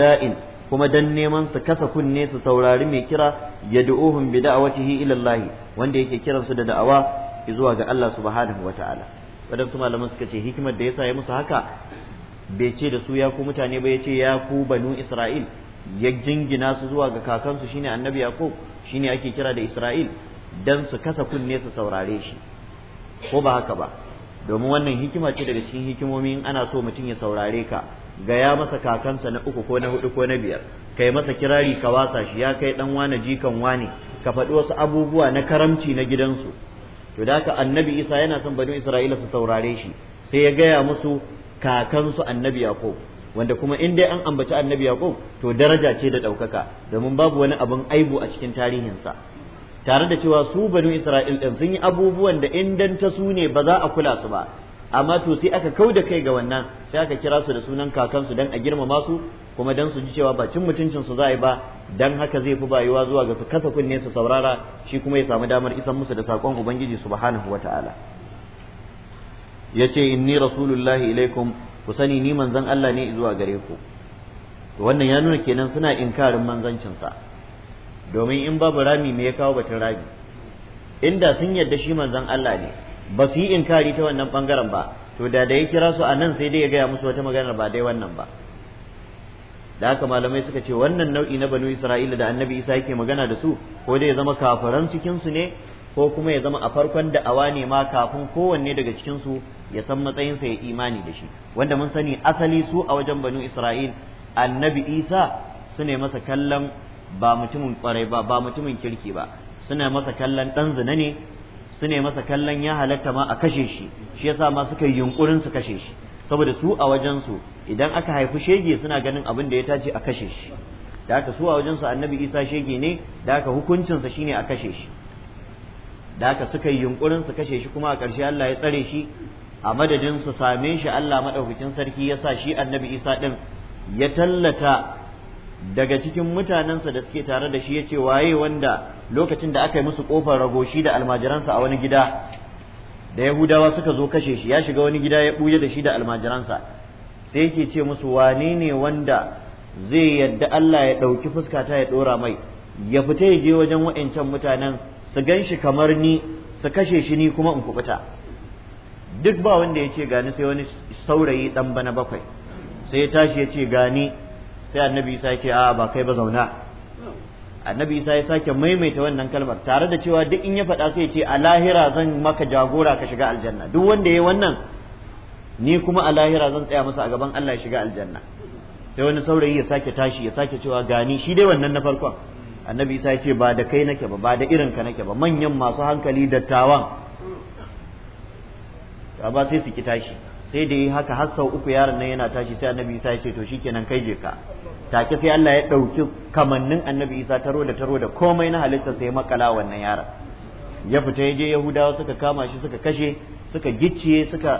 da'in kuma dan neman su kasa kunne su saurari mai kira yad'uhum bi da'watihi ila Allah wanda yake kiran su da da'awa zuwa ga Allah subhanahu wata'ala wadansu malaman suka ce hikimar da yasa ya musu haka bai ce da su ya ku mutane ba ya ce ya ku banu Isra'il ya jingina su zuwa ga kakansu shine annabi Yaqub shine ake kira da Isra'il dan su kasa kunne su saurare shi ko ba haka ba domin wannan hikima ce daga cikin hikimomi in ana so mutum ya saurare ka gaya masa kakansa na uku ko na hudu ko na biyar kai masa kirari ka wasa shi ya kai dan wane jikan wani ka faɗi wasu abubuwa na karamci na gidansu to da haka annabi isa yana son banu isra'ila su saurare shi sai ya gaya musu kakansu annabi yaqub wanda kuma in dai an ambaci annabi yaqub to daraja ce da ɗaukaka domin babu wani abin aibu a cikin tarihinsa tare da cewa su bani isra'il din sun yi abubuwan da in ta su ne ba za a kula su ba amma to sai aka kau da kai ga wannan sai aka kira su da sunan kakansu dan a girmama su kuma dan su ji cewa ba cin mutuncin su za ba dan haka zai fi bayuwa zuwa ga su kasa kunne su saurara shi kuma ya samu damar isan musu da sakon ubangiji subhanahu wataala yace inni rasulullahi ilaikum ku sani ni manzan Allah ne zuwa gare ku to wannan ya nuna kenan suna inkarin manzancin sa domin in babu rami me ya kawo batun rami inda sun yarda shi manzan Allah ne ba su yi inkari ta wannan bangaren ba to da da ya kira su a nan sai dai ya gaya musu wata maganar ba dai wannan ba da haka malamai suka ce wannan nau'i na banu isra'ila da annabi isa yake magana da su ko dai ya zama kafiran cikin su ne ko kuma ya zama a farkon da'awa ne ma kafin kowanne daga cikin su ya san matsayinsa ya imani da shi wanda mun sani asali su a wajen banu isra'il annabi isa su ne masa kallon ba mutumin kwarai ba ba mutumin kirki ba suna masa kallon dan zina ne su ne masa kallon ya halatta ma a kashe shi shi yasa ma suka yi yunkurin su kashe shi saboda su a wajen su idan aka haifi shege suna ganin abin da ya tace a kashe shi da haka su a wajen su annabi Isa shege ne da haka hukuncin sa shine a kashe shi da haka suka yi yunkurin su kashe shi kuma a ƙarshe Allah ya tsare shi a madadin su same shi Allah madaukakin sarki yasa shi annabi Isa din ya tallata daga cikin mutanensa da suke tare da shi yace waye wanda lokacin da aka yi musu kofar rago shi da almajiransa a wani gida da yahudawa suka zo kashe shi ya shiga wani gida ya ɓuya da shi da almajiransa sai yake ce musu wane ne wanda zai yadda Allah ya ɗauki fuska ta ya ɗora mai ya fita ya je wajen wa'ancan mutanen su gan shi kamar ni su kashe shi ni kuma in kubuta duk ba wanda ya ce gani sai wani saurayi ɗan bana bakwai sai ya tashi ya ce gani sai annabi isa ya ce a ba kai ba zauna annabi isa ya sake maimaita wannan kalmar tare da cewa duk in ya faɗa sai ce a lahira zan maka jagora ka shiga aljanna duk wanda ya yi wannan ni kuma a lahira zan tsaya masa a gaban Allah ya shiga aljanna sai wani saurayi ya sake tashi ya sake cewa gani shi dai wannan na farkon annabi isa ya ce ba da kai nake ba ba da irin ka nake ba manyan masu hankali dattawan ba sai su ki tashi sai da yi haka har sau uku yaron nan yana tashi sai annabi isa ya ce to shikenan kai je ka take sai Allah ya ɗauki kamannin annabi isa taro da taro da komai na halitta sai makala wannan yaron ya fita ya je yahudawa suka kama shi suka kashe suka gicciye suka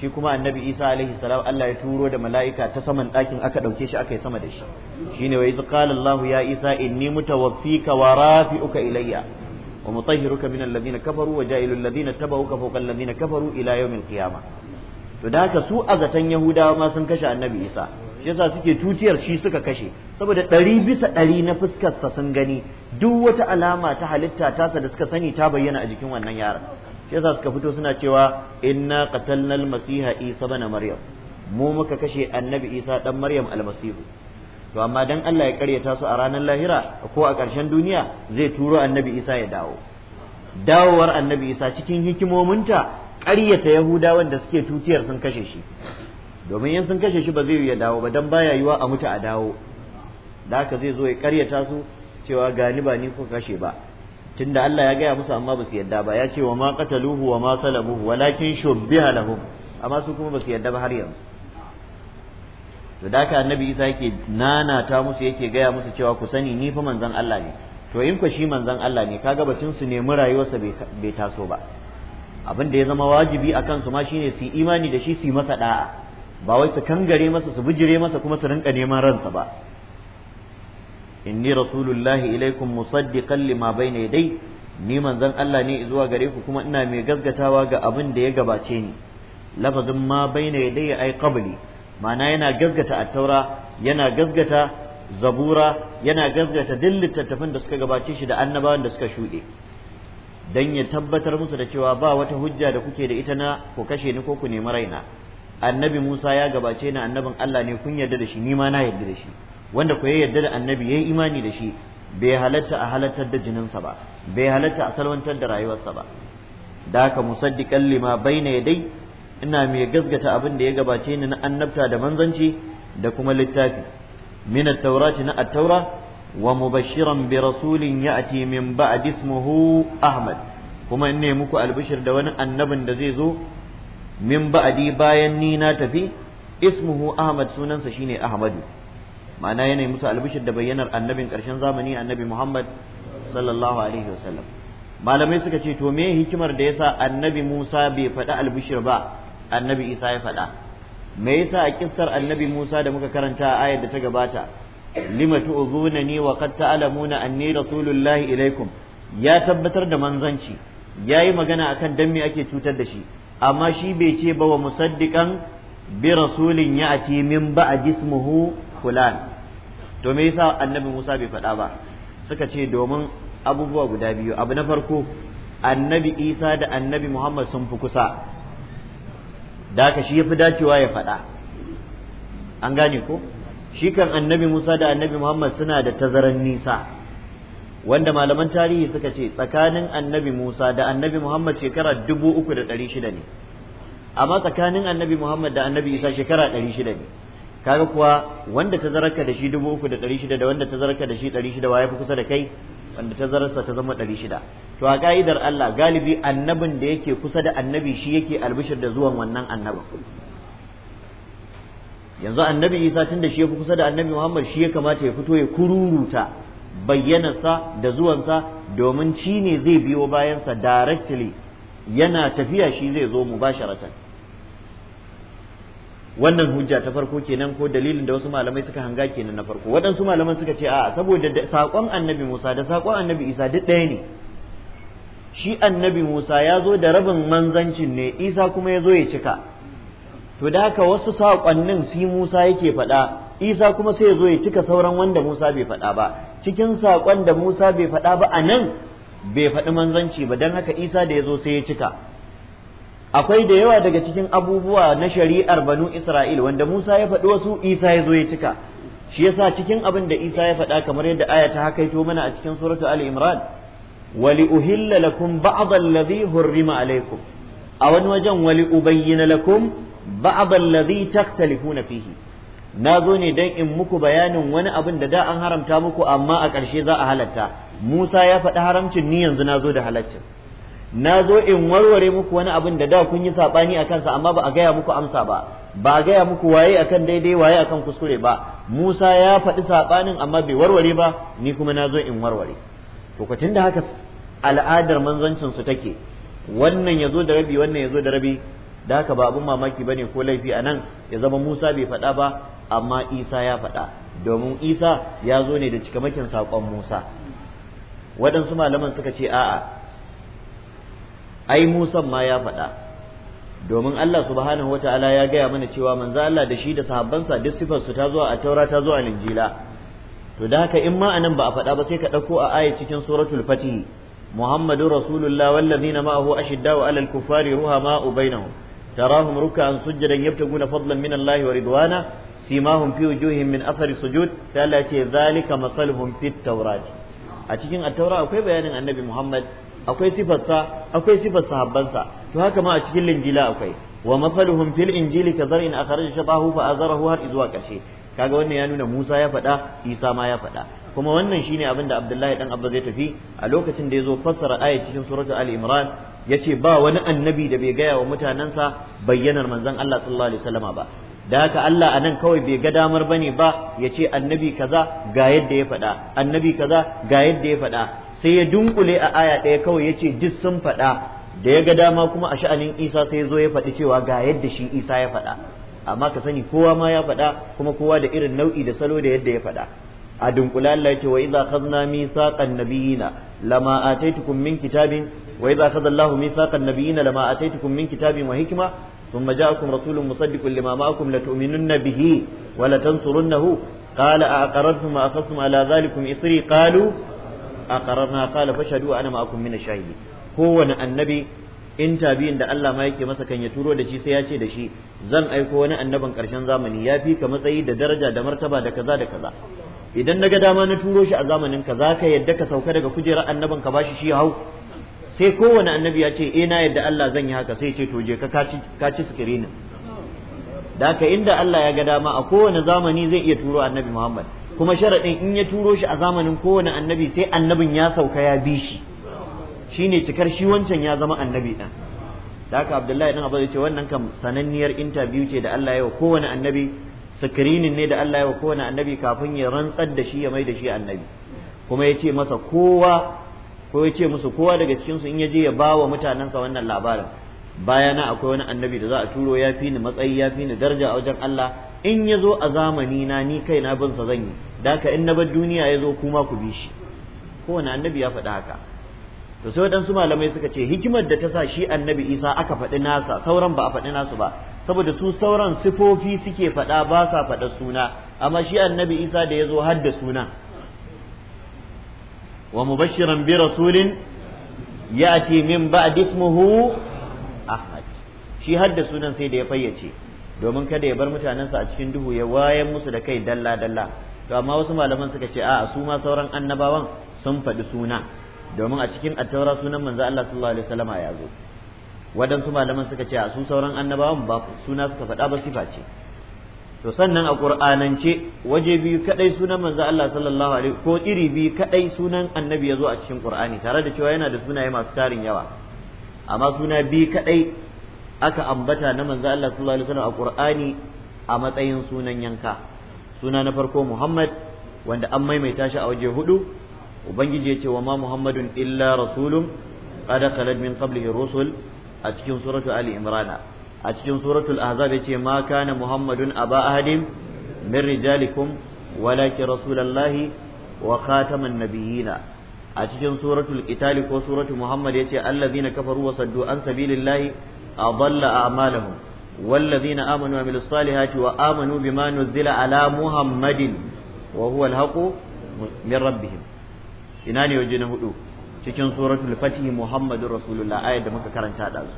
shi kuma annabi isa alaihi salam Allah ya turo da mala'ika ta saman ɗakin aka ɗauke shi aka yi sama da shi shine wa izu qala Allah ya isa inni mutawaffika wa rafi'uka ilayya wa mutahhiruka min alladhina kafaru wa ja'ilu alladhina tabauka fawqa alladhina kafaru ila yawmil qiyamah to da haka su a zaton yahudawa ma sun kashe annabi isa shi yasa suke tutiyar shi suka kashe saboda ɗari bisa ɗari na fuskarsa sun gani duk wata alama ta halitta tasa da suka sani ta bayyana a jikin wannan yaron shi yasa suka fito suna cewa inna qatalna al-masiha isa bana maryam mu muka kashe annabi isa dan maryam almasihu to amma dan Allah ya karyata su a ranar lahira ko a ƙarshen duniya zai turo annabi isa ya dawo dawowar annabi isa cikin hikimominta ƙaryata yahudawan da suke tutiyar sun kashe shi domin 'yan sun kashe shi ba zai ya dawo ba dan baya yiwa a mutu a dawo da haka zai zo ya ƙaryata su cewa gani ba ni ko kashe ba tunda Allah ya gaya musu amma ba su yadda ba ya ce wa ma qataluhu wa ma salabuhu walakin shubbiha lahum amma su kuma ba su yadda ba har yanzu to da haka annabi Isa yake nanata musu yake gaya musu cewa ku sani ni fa manzon Allah ne to in ku shi manzon Allah ne kaga batun su nemi rayuwarsa bai taso ba abin da ya zama wajibi a kansu ma shine su imani da shi su yi masa da'a ba wai su kangare masa su bijire masa kuma su rinka neman ransa ba inni rasulullahi ilaikum musaddiqan lima bayna yadai ni manzon Allah ne zuwa gare ku kuma ina mai gaskatawa ga abin da ya gabace ni lafazin ma bayna yadai ai qabli ma'ana yana gaskata attaura, yana gaskata zabura yana gaskata duk littattafan da suka gabace shi da annabawan da suka shuɗe dan ya tabbatar musu da cewa ba wata hujja da kuke da ita na ku kashe ni ko ku nemi raina annabi Musa ya gabace ni annabin Allah ne kun yarda da shi ni ma na yarda da shi wanda ku yarda da annabi ya yi imani da shi bai halatta a halattar da jinin sa ba bai halatta a salwantar da rayuwarsa ba da haka musaddiqan lima na yadai ina mai gasgata abin da ya gabace ni na annabta da manzanci da kuma littafi min at-taurati na at ومبشرا برسول يأتي من بعد اسمه أحمد كما إني مكو البشر دوان النبن دزيزو من بعد باين نينا تفي اسمه أحمد سنن سشيني أحمد معناه يعني موسى البشر دبينا النبي كرشن زامني النبي محمد صلى الله عليه وسلم malamai suka ce to me hikimar da yasa annabi Musa bai faɗi albishir ba annabi Isa ya faɗa me yasa a kissar annabi Musa da muka karanta a ayar da ta gabata lima ni wa qad ta'lamuna anni rasulullahi ilaikum ya tabbatar da manzanci yayi magana akan dan me ake cutar da shi amma shi bai ce ba wa musaddiqan bi rasulin ya'ti min ba'd ismuhu fulan to me yasa annabi Musa bai faɗa ba suka ce domin abubuwa guda biyu abu na farko annabi Isa da annabi Muhammad sun fi kusa da ka shi ya fi dacewa ya faɗa an gane ko shi kan annabi Musa da annabi Muhammad suna da tazaran nisa wanda malaman tarihi suka ce tsakanin annabi Musa da annabi Muhammad shekara dubu uku da ɗari shida ne amma tsakanin annabi Muhammad da annabi Isa shekara ɗari shida ne kaga kuwa wanda tazararka da shi dubu uku da ɗari shida da wanda tazararka da shi ɗari shida wa ya fi kusa da kai wanda tazararsa ta zama ɗari shida to a ka'idar Allah galibi annabin da yake kusa da annabi shi yake albishir da zuwan wannan annabin yanzu annabi isa tun da shi ya fi kusa da annabi muhammad shi ya kamata ya fito ya kururuta bayyanarsa da zuwansa domin ci ne zai biyo bayansa directly yana tafiya shi zai zo mu basharatan wannan hujja ta farko kenan ko dalilin da wasu malamai suka hanga kenan na farko waɗansu malaman suka ce a saboda saƙon annabi musa da saƙon annabi isa duk ɗaya ne shi annabi musa ya zo da rabin manzancin ne isa kuma ya zo ya cika to da haka wasu saƙonnin si Musa yake faɗa Isa kuma sai ya zo ya cika sauran wanda Musa bai faɗa ba cikin saƙon da Musa bai faɗa ba a nan bai faɗi manzanci ba don haka Isa da ya zo sai ya cika akwai da yawa daga cikin abubuwa na shari'ar banu Isra'il wanda Musa ya faɗi wasu Isa ya zo ya cika shi yasa cikin abin da Isa ya faɗa kamar yadda aya ta hakaito mana a cikin suratu Ali Imran wali uhilla lakum ba'd hurrima alaykum a wani wajen wali ubayyana lakum ba'd allazi taktalifuna fihi na zo ne dan in muku bayanin wani abin da da an haramta muku amma a ƙarshe za a halatta Musa ya faɗi haramcin ni yanzu na zo da halaccin na zo in warware muku wani abin da da kun yi saɓani a kansa amma ba a gaya muku amsa ba ba a gaya muku waye akan daidai waye akan kuskure ba Musa ya faɗi saɓanin amma bai warware ba ni kuma na zo in warware to da haka al'adar manzancin su take wannan ya zo da rabi wannan ya zo da rabi da haka ba abun mamaki bane ko laifi a nan ya zama Musa bai faɗa ba amma Isa ya faɗa domin Isa ya zo ne da cikamakin saƙon Musa waɗansu malaman suka ce a'a ai Musa ma ya faɗa domin Allah subhanahu wata'ala ya gaya mana cewa manzo Allah da shi da sahabbansa duk sifar su ta zo a Taura ta zo a Injila to da haka in ma anan ba a faɗa ba sai ka ɗauko a ayat cikin suratul fatih muhammadu rasulullah wallazina ma'ahu wa alal kuffari ruhama bainahum tarahum ruk'an sujjadan yabtaguna fadlan min Allah wa ridwana simahum fi wujuhihim min athari sujud sai Allah ce zalika masaluhum fit a cikin at-taura akwai bayanin annabi Muhammad akwai sifarsa akwai sifar sahabbansa to haka ma a cikin linjila akwai wa masaluhum fil injili ka zar'in akhraja shatahu fa azarahu har izuwa karshe kaga wannan ya nuna Musa ya faɗa Isa ma ya faɗa kuma wannan shine abin da Abdullahi dan Abba zai tafi a lokacin da yazo fassara aya cikin suratul Ali Imran yace ba wani annabi da bai gaya wa mutanansa bayyanar manzon Allah sallallahu alaihi wasallama ba da haka Allah a nan kawai bai ga damar bane ba ya ce annabi kaza ga yadda ya faɗa annabi kaza ga yadda ya faɗa sai ya dunkule a aya ɗaya kawai ya ce duk sun faɗa da ya ga dama kuma a sha'anin isa sai ya zo ya faɗi cewa ga yadda shi isa ya faɗa amma ka sani kowa ma ya faɗa kuma kowa da irin nau'i da salo da yadda ya faɗa a dunkula Allah yace wa idza khadna mithaqan nabiyina lama ataitukum min kitabin wa idza khadha Allahu mithaqan nabiyina lama ataitukum min kitabin wa hikma ثم جاءكم رسول مصدق لما معكم لتؤمنن به ولتنصرنه قال أأقررتم وأخذتم على ذلكم إصري قالوا أقررنا قال فاشهدوا أنا معكم من الشاهدين kowane annabi in tabi'in da Allah ma yake masa kan ya turo da shi sai ya ce da shi zan aiko wani annaban karshen zamani ya fi ka matsayi da daraja da martaba da kaza da kaza idan na ga dama na turo shi a zamanin ka zaka yadda ka sauka daga kujerar annabin ka bashi shi hau sai kowane annabi ya ce eh na yadda Allah zan yi haka sai ce to je ka kaci ci sikirin. da haka inda Allah ya ga dama a kowane zamani zai iya turo annabi Muhammad kuma sharaɗin in ya turo shi a zamanin kowane annabi sai annabin ya sauka ya bi shi shine cikar shi wancan ya zama annabi ɗan da haka abdullahi ɗan abu ce wannan kam sananniyar intabiyu ce da Allah ya wa kowane annabi sikirinin ne da Allah ya wa kowane annabi kafin ya rantsar da shi ya mai da shi annabi kuma ya ce masa kowa ko ya ce musu kowa daga cikinsu in ya je ya ba wa mutanensa wannan labarin bayana akwai wani annabi da za a turo ya fi ni matsayi ya fi ni daraja a wajen Allah in ya zo a zamani na ni kai na bin sa zan yi daka in na bar duniya ya zo kuma ku bi shi kowane annabi ya faɗi haka to sai waɗansu malamai suka ce hikimar da ta sa shi annabi isa aka faɗi nasa sauran ba a faɗi nasu ba saboda su sauran sifofi suke faɗa ba sa faɗa suna amma shi annabi isa da ya zo har da suna wa mubashiran bi rasulin ya'ti min ba'd ismuhu ahad shi har da sunan sai da ya fayyace domin kada ya bar mutanensa a cikin duhu ya wayan musu da kai dalla dalla to amma wasu malaman suka ce a'a su ma sauran annabawan sun faɗi suna domin a cikin attaura sunan manzo Allah sallallahu alaihi wasallama ya zo Wadansu malaman suka ce a sun sauran annabawan ba suna suka faɗa ba sifa ce to sannan a ƙur'anance waje biyu kadai sunan manzo Allah sallallahu alaihi ko iri biyu kadai sunan annabi yazo a cikin ƙur'ani tare da cewa yana da sunaye masu tarin yawa amma suna biyu kadai aka ambata na manzo Allah sallallahu alaihi wasallam a ƙur'ani a matsayin sunan yanka suna na farko Muhammad wanda an maimaita shi a waje hudu ubangiji ya ce wa ma Muhammadun illa rasulun qad khalat min qablihi rusul a cikin suratul ali imrana a cikin suratul ahzab yace ma kana muhammadun aba ahadin min rijalikum walakin rasulullahi wa khataman nabiyina a cikin suratul qital ko suratul muhammad yace allazina kafaru wa saddu an sabilillahi adalla a'malahum والذين آمنوا وعملوا الصالحات وآمنوا بما نزل على محمد وهو الحق من ربهم إناني وجنه cikin suratul fatih muhammadur rasulullah ayat da muka karanta da su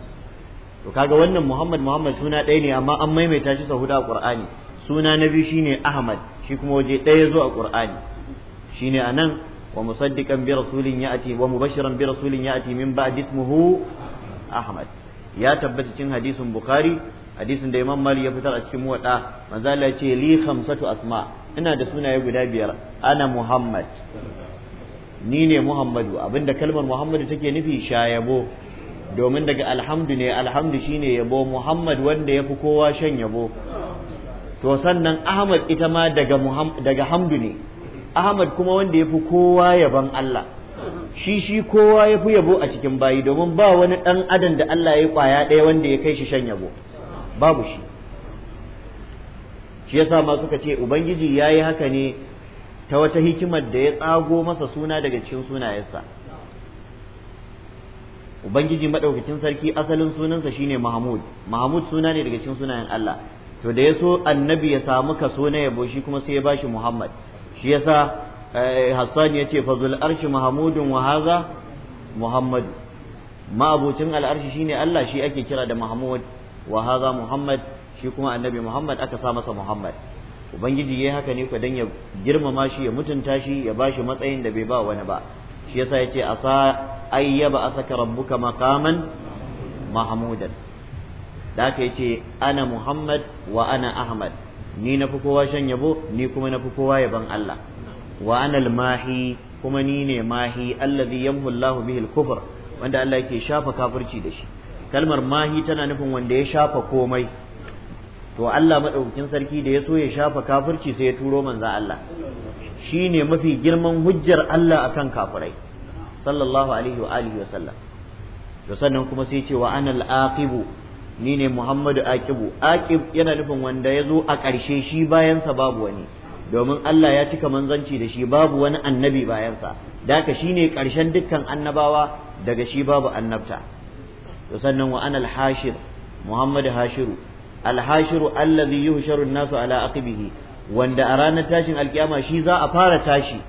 to kaga wannan muhammad muhammad suna ɗaya ne amma an maimaita shi sau hudu a qur'ani suna na biyu shine ahmad shi kuma waje ɗaya zo a qur'ani shine anan wa musaddiqan bi rasulin ya'ti wa mubashiran bi rasulin ya'ti min ba'd ismuhu ahmad ya tabbata cikin hadisin bukhari hadisin da imam mali ya fitar a cikin muwada manzo ya ce li khamsatu asma ina da sunaye guda biyar ana muhammad ni ne Muhammadu abinda kalmar Muhammadu take nufi sha yabo domin daga alhamdu ne alhamdu shine yabo Muhammad wanda ya fi kowa shan yabo to sannan Ahmad ita ma daga daga hamdu ne Ahmad kuma wanda ya fi kowa yaban Allah shi shi kowa ya fi yabo a cikin bayi domin ba wani ɗan adam da Allah ya yi kwaya ɗaya wanda ya kai shi shan yabo babu shi shi yasa ma suka ce ubangiji ya yi haka ne ta wata hikimar da ya tsago masa suna daga cikin sunayensa ubangiji madaukakin sarki asalin sunansa shine mahmud mahmud suna ne daga cikin sunayen Allah to da ya so annabi ya samu kaso na yabo shi kuma sai ya bashi muhammad shi yasa eh, hassan ya ce fazul arshi mahmudun wa haza muhammad abocin al'arshi shine Allah shi ake kira da mahmud wa haza muhammad shi kuma annabi muhammad aka sa masa muhammad ubangiji yayi haka ne ku dan ya girmama shi ya mutunta shi ya bashi matsayin da bai ba wani ba shi yasa yace asa ayyaba asaka rabbuka maqaman mahmudan da aka yace ana muhammad wa ana ahmad ni fi kowa shan yabo ni kuma fi kowa yaban Allah wa ana mahi kuma ni ne mahi allazi yamhu Allahu bihi al wanda Allah yake shafa kafirci da shi kalmar mahi tana nufin wanda ya shafa komai to Allah madaukakin sarki da ya so ya shafa kafirci sai ya turo manzo Allah shine mafi girman hujjar Allah akan kafirai sallallahu alaihi wa alihi wa sallam to sannan kuma sai ce wa anal aqibu ni ne Muhammadu aqibu aqib yana nufin wanda ya zo a ƙarshe shi bayansa babu wani domin Allah ya cika manzanci da shi babu wani annabi bayansa daka shi ne ƙarshen dukkan annabawa daga shi babu annabta to sannan wa anal hashir Muhammadu hashiru alhashiru allazi yuhsharu nasu ala aqibihi wanda a ranar tashin alkiyama shi za a fara tashi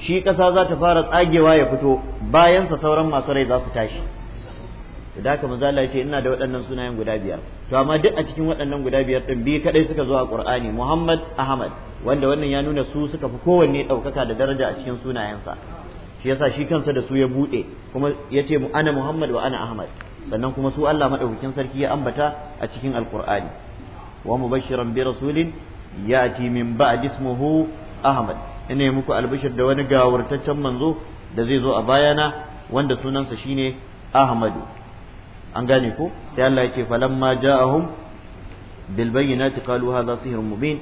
shi ƙasa za ta fara tsagewa ya fito bayan sa sauran masu rai za su tashi da haka manzo ce ina da waɗannan sunayen guda biyar to amma duk a cikin waɗannan guda biyar din biyu kadai suka zo a Qur'ani Muhammad Ahmad wanda wannan ya nuna su suka fi kowanne ɗaukaka da daraja a cikin sunayensa shi yasa shi kansa da su ya buɗe kuma yace ana Muhammad wa ana Ahmad sannan kuma su Allah maɗaukin sarki ya ambata a cikin alkur'ani wa mubashiran bi rasulin yati min ba'd ismuhu ahmad ina muku albishir da wani gawurtaccen manzo da zai zo a bayana wanda sunansa shine ahmadu an gane ko sai Allah ya ce falamma ja'ahum bil bayyinati qalu hadha sihrun mubin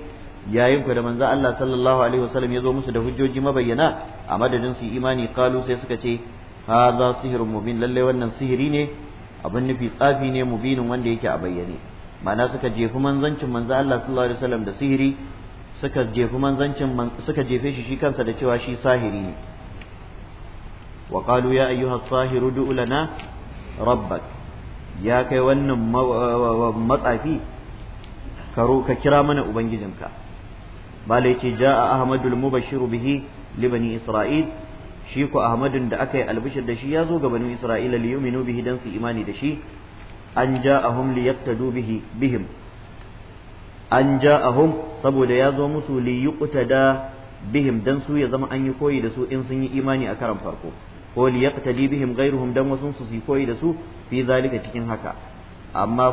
yayin ku da manzo Allah sallallahu alaihi wasallam ya zo musu da hujjoji mabayyana a madadin su imani kalu sai suka ce hadha sihrun mubin lalle wannan sihiri ne abin nufi tsafi ne mubinin wanda yake a bayyane ma'ana suka jefi manzancin manzo Allah sallallahu alaihi wasallam da sihiri suka jefi manzancin suka jefe shi shi kansa da cewa shi sahiri ne wa qalu ya ayyuha sahiru du'u lana rabbak ya kai wannan matsafi karo ka kira mana ubangijinka bala yace jaa ahmadul mubashshiru bihi libani isra'il shi ku ahmadun da aka yi albishir da shi ya zo ga banu isra'ila li yu'minu bihi dan su imani da shi an ja'ahum li yaqtadu bihi bihim an ja'ahum saboda ya zo musu li yuqtada bihim dan su ya zama an yi koyi da su in sun yi imani a karan farko ko li yaqtadi bihim ghairuhum dan wasun su su koyi da su fi zalika cikin haka amma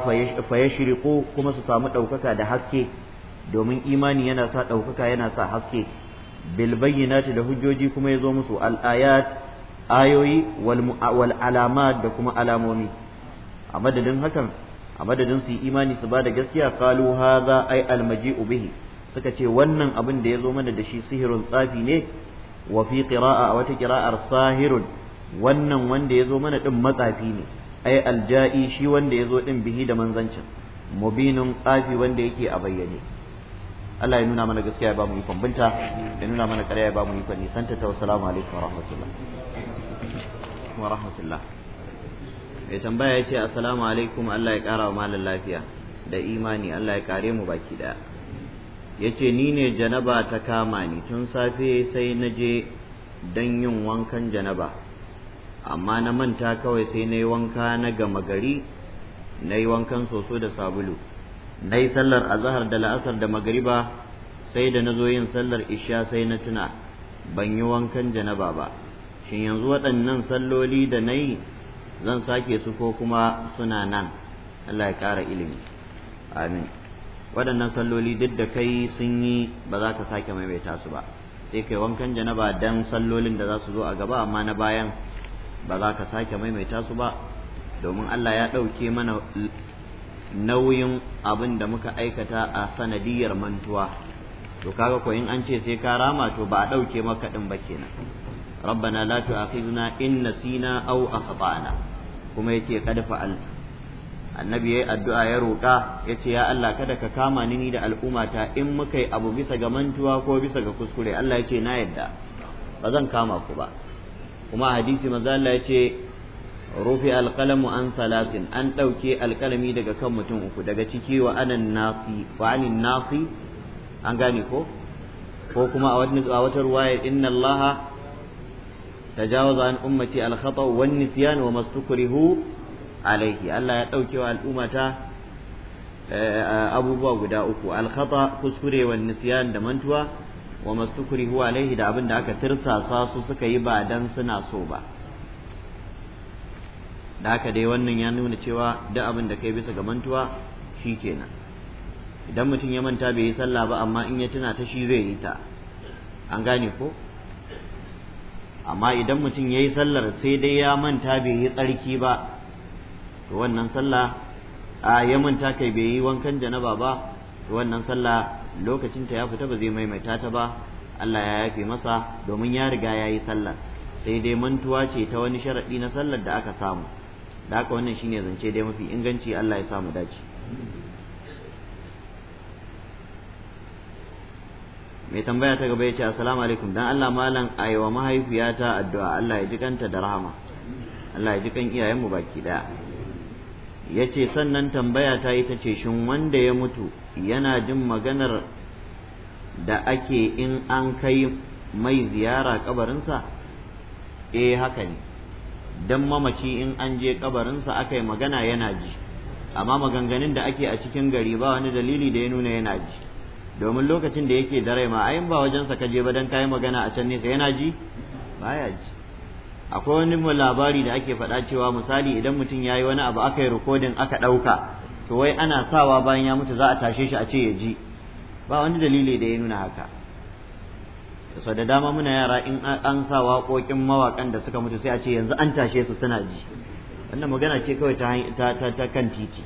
fa yashriqu kuma su samu ɗaukaka da haske domin imani yana sa ɗaukaka yana sa haske bil bayyinati da hujjoji kuma ya zo musu al ayat ayoyi wal alamat da kuma alamomi a madadin hakan a madadin su yi imani su bada gaskiya qalu hadha ay al maji'u bihi suka ce wannan abin da ya zo mana da shi sihirun tsafi ne wa fi qira'a a wata qira'ar sahirun wannan wanda ya zo mana din matsafi ne ai alja'i shi wanda ya zo din bihi da manzancin mubinun tsafi wanda yake a bayyane Allah ya nuna mana gaskiya ya ba mu ikon binta ya nuna mana ƙarya ya ba mu ikon nisanta ta wassalamu alaikum wa rahmatullah wa rahmatullah mai tambaya ya ce assalamu alaikum Allah ya ƙara wa malin lafiya da imani Allah ya kare mu baki daya ya ce ni ne janaba ta kama ni tun safe sai na je don yin wankan janaba amma na manta kawai sai na yi wanka na gama gari na yi wankan soso da sabulu na yi sallar azahar da la'asar da magariba sai da na zo yin sallar isha sai na tuna ban yi wankan janaba ba shin yanzu waɗannan salloli da na yi zan sake su ko kuma suna nan Allah ya ƙara ilimi amin waɗannan salloli duk da kai sun yi ba za ka sake maimaita su ba sai kai wankan janaba dan sallolin da za su zo a gaba amma na bayan ba za ka sake maimaita su ba domin Allah ya ɗauke mana nauyin abin da muka aikata a sanadiyar mantuwa to kaga ko in an ce sai ka rama to ba a ɗauke maka ɗin ba kenan rabbana la tu'akhidna in nasina aw akhtana kuma yace qad al annabi yayi addu'a ya roƙa yace ya Allah kada ka kama ni ni da al'ummata in muka yi abu bisa ga mantuwa ko bisa ga kuskure Allah yace na yadda ba zan kama ku ba kuma hadisi manzo Allah yace rufe alqalamu an salasin an ɗauke alƙalami daga kan mutum uku daga ciki wa anan nasi wa anin nasi an gane ko ko kuma a wata ruwaya inna allaha tajawaza an ummati alkhata wan nisyan wa mastukrihu alaihi Allah ya ɗauke wa al'ummata eh, abubuwa guda uku alkhata kuskure wan nisyan da mantuwa wa mastukrihu alaihi da abin da aka tirsasa su suka yi ba dan suna so ba da haka dai wannan ya nuna cewa duk abin da kai bisa ga mantuwa shi kenan idan mutum ya manta bai yi sallah ba amma in ya tuna ta shi zai yi ta an gane ko amma idan mutum ya yi sallar sai dai ya manta bai yi tsarki ba to wannan sallah a ya manta kai bai yi wankan janaba ba to wannan sallah lokacinta ya fita ba zai maimaita ta ba Allah ya yafe masa domin ya riga ya yi sallar sai dai mantuwa ce ta wani sharaɗi na sallar da aka samu da haka wannan shine zance dai mafi inganci Allah ya samu dace mai tambaya ta gaba ya ce assalamu alaikum dan Allah malam aiwa mahaifiyata addu'a Allah ya jikanta da rahama Allah ya jikan iyayen iyayenmu baki daya ya ce sannan tambaya ta yi ta ce shin wanda ya mutu yana jin maganar da ake in an kai mai ziyara kabarinsa eh haka ne dan mamaci in an je kabarinsa aka yi magana yana ji amma maganganun da ake a cikin gari ba wani dalili da ya nuna yana ji domin lokacin da yake da rai ma ayin ba wajensa ka je ba dan kai magana a can nesa yana ji baya ji akwai wani labari da ake faɗa cewa misali idan mutum ya yi wani abu aka yi rikodin aka ɗauka to wai ana sawa bayan ya mutu za a tashe shi a ce ya ji ba wani dalili da ya nuna haka so da dama muna yara in an sa waƙoƙin mawaƙan da suka mutu sai a ce yanzu an tashe su suna ji wannan magana ce kawai ta, ta, kan titi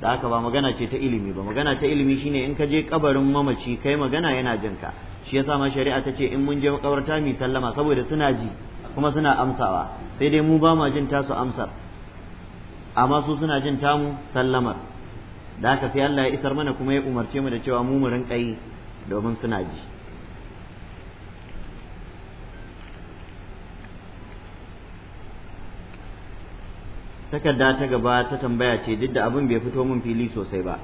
da haka ba magana ce ta ilimi ba magana ta ilimi shine in ka je kabarin mamaci kai magana yana jin ka shi yasa ma shari'a ta ce in mun je makabarta mi sallama saboda suna ji kuma suna amsawa sai dai mu ba ma jin tasu amsar amma su suna jin tamu sallamar da haka sai Allah ya isar mana kuma ya umarce mu da cewa mu mu rinƙa yi domin suna ji takarda ta gaba ta tambaya ce duk da abin bai fito min fili sosai ba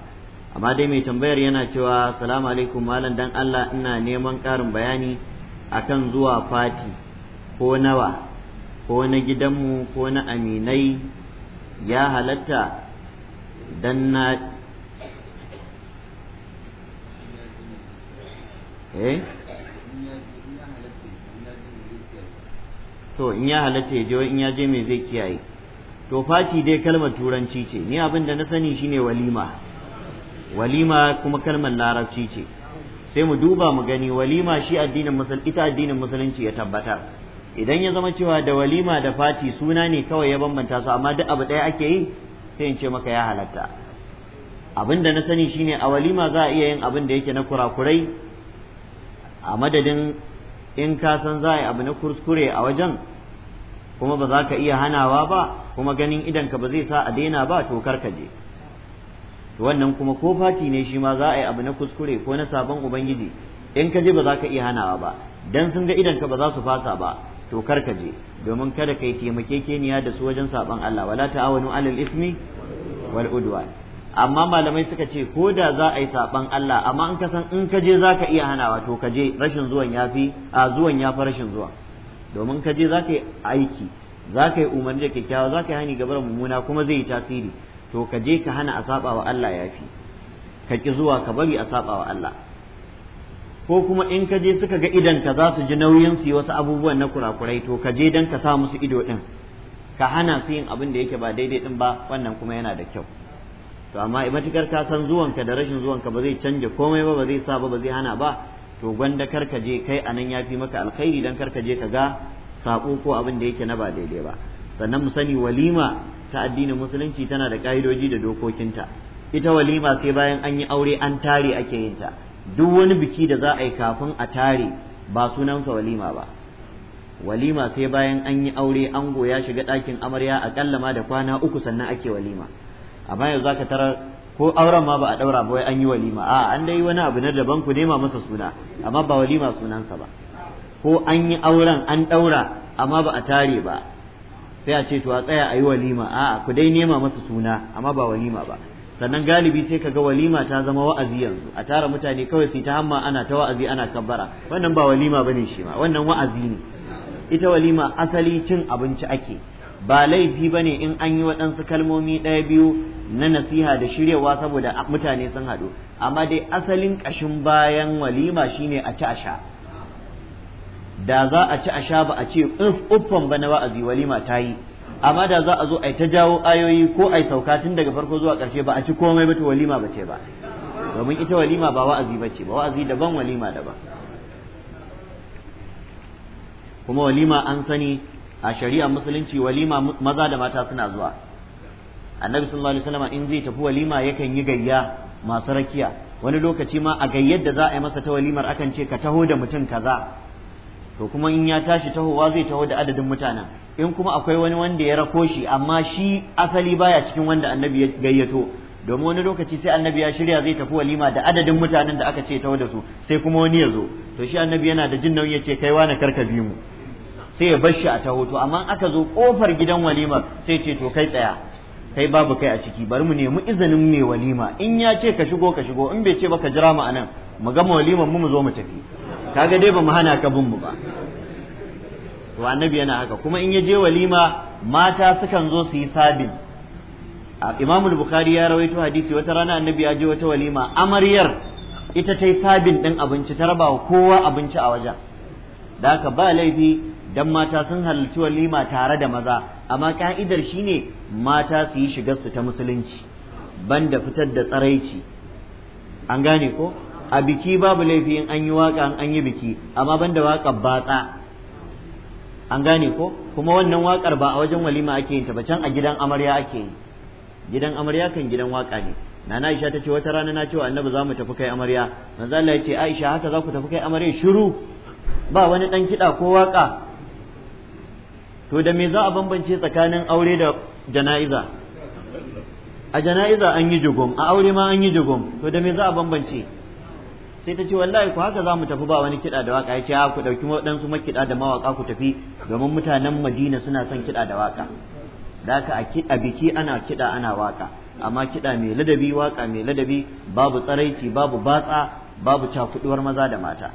amma dai mai tambayar yana cewa salamu alaikum malam dan Allah ina neman ƙarin bayani akan zuwa fati ko nawa ko na gidanmu ko na aminai ya halatta Eh? to in ya halatta ya je in ya je mai zai kiyaye to fati dai kalmar turanci ce ni abin da na sani shine walima walima kuma kalmar larabci ce sai mu duba mu gani walima shi addinin musulunci ita addinin musulunci ya tabbatar idan ya zama cewa da walima da fati suna ne kawai ya bambanta su amma duk abu ɗaya ake yi sai in ce maka ya halatta abin da na sani shine a walima za a iya yin abin da yake na kurakurai a madadin in ka san za a yi abu na kuskure a wajen kuma ba za ka iya hanawa ba kuma ganin idan ka ba zai sa a daina ba to kar ka je wannan kuma ko fati ne shi ma za a yi abu na kuskure ko na sabon ubangiji in ka je ba za ka iya hanawa ba dan sun ga idan ka ba za su fasa ba to kar ka je domin kada kai taimakekeniya da su wajen sabon Allah wala ta'awanu alal ismi wal udwan amma malamai suka ce ko da za a yi saban Allah amma in ka san in ka je za ka iya hanawa to ka je rashin zuwan ya fi a zuwan ya fi rashin zuwa domin ka je za ka yi aiki za ka yi umarni da kyakkyawa za ka yi hani gabar mummuna kuma zai yi tasiri to ka je ka hana a saba wa Allah ya fi ka ki zuwa ka bari a saba wa Allah ko kuma in ka je suka ga idan ka za su ji nauyin su yi wasu abubuwan na kurakurai to ka je dan ka sa musu ido din ka hana su yin abin da yake ba daidai din ba wannan kuma yana da kyau to amma matukar ka san zuwanka da rashin zuwanka ba zai canja komai ba ba zai sa ba ba zai hana ba to gwanda karka je kai anan ya fi maka alkhairi dan karka je ka ga sako ko abin da yake na ba daidai ba sannan mu sani walima ta addinin musulunci tana da ka'idoji da dokokinta ita walima sai bayan an yi aure an tare ake yin ta duk wani biki da za a yi kafin a tare ba sunansa walima ba walima sai bayan an yi aure an goya shiga ɗakin amarya aƙalla ma da kwana uku sannan ake walima amma yanzu zaka tarar ko auren ma ba a daura ba wai an yi walima a an dai wani abu na daban ku nema masa suna amma ba walima sunansa ba ko an yi auren an daura amma ba a tare ba sai a ce to a tsaya a yi walima a ku dai nema masa suna amma ba walima ba sannan galibi sai kaga walima ta zama wa'azi yanzu a tara mutane kawai sai ta hamma ana ta wa'azi ana kabbara wannan ba walima bane shi ma wannan wa'azi ne ita walima asali cin abinci ake ba laifi ba ne in an yi waɗansu kalmomi ɗaya biyu na nasiha da shiryawa saboda mutane sun haɗu amma dai asalin ƙashin bayan walima shine a ci a sha da za a ci a sha ba a ce uffan ba na wa'azi walima ta yi amma da za a zo a ta jawo ayoyi ko a yi sauka tun daga farko zuwa ƙarshe ba a ci komai ba ta walima ba ce ba domin ita walima ba wa'azi ba ce ba wa'azi daban walima daban kuma walima an sani a shari'a musulunci walima maza da mata suna zuwa annabi sallallahu alaihi wasallam in zai tafi walima yakan yi gayya masu rakiya wani lokaci ma a gayyar da za a yi masa ta walimar akan ce ka taho da mutum kaza to kuma in ya tashi tahowa zai taho da adadin mutanen in kuma akwai wani wanda ya rako shi amma shi asali baya cikin wanda annabi ya gayyato domin wani lokaci sai annabi ya shirya zai tafi walima da adadin mutanen da aka ce taho da su sai kuma wani ya zo to shi annabi yana da jin nauyi ya ce kai wani karka bi mu sai ya bar shi a taho to amma aka zo kofar gidan walima sai ce to kai tsaya kai babu kai a ciki bari mu nemi izinin mai walima in ya ce ka shigo ka shigo in bai ce ba ka jira mu anan mu gama walimar mu mu zo mu tafi kaga dai ba mu hana ka bin mu ba to annabi yana haka kuma in ya je walima mata sukan zo su yi sabin Imam Bukhari ya rawaito hadisi wata rana annabi ya je wata walima amaryar ita ta yi sabin din abinci ta raba kowa abinci a wajen da haka ba laifi dan mata sun halarci walima tare da maza amma ka'idar shine mata su yi shigar su ta musulunci banda fitar da tsaraici an gane ko a biki babu laifi in an yi waka an yi biki amma banda waka batsa an gane ko kuma wannan wakar ba a wajen walima ake yin ta ba can a gidan amarya ake yi gidan amarya kan gidan waka ne nana Aisha ta ce wata rana na ce Annabi za mu tafi kai amarya manzo Allah ya ce Aisha haka za ku tafi kai amarya shiru ba wani dan kiɗa ko waka to da me za a bambance tsakanin aure da jana'iza a jana'iza an yi jugum a aure ma an yi jugum to da me za a bambance sai ta ce wallahi ku haka za mu tafi ba wani kiɗa da waka ya ce a ku ɗauki waɗansu makiɗa da mawaka ku tafi domin mutanen madina suna son kiɗa da waka da haka a biki ana kiɗa ana waka amma kiɗa mai ladabi waka mai ladabi babu tsaraici babu batsa babu cakuɗuwar maza da mata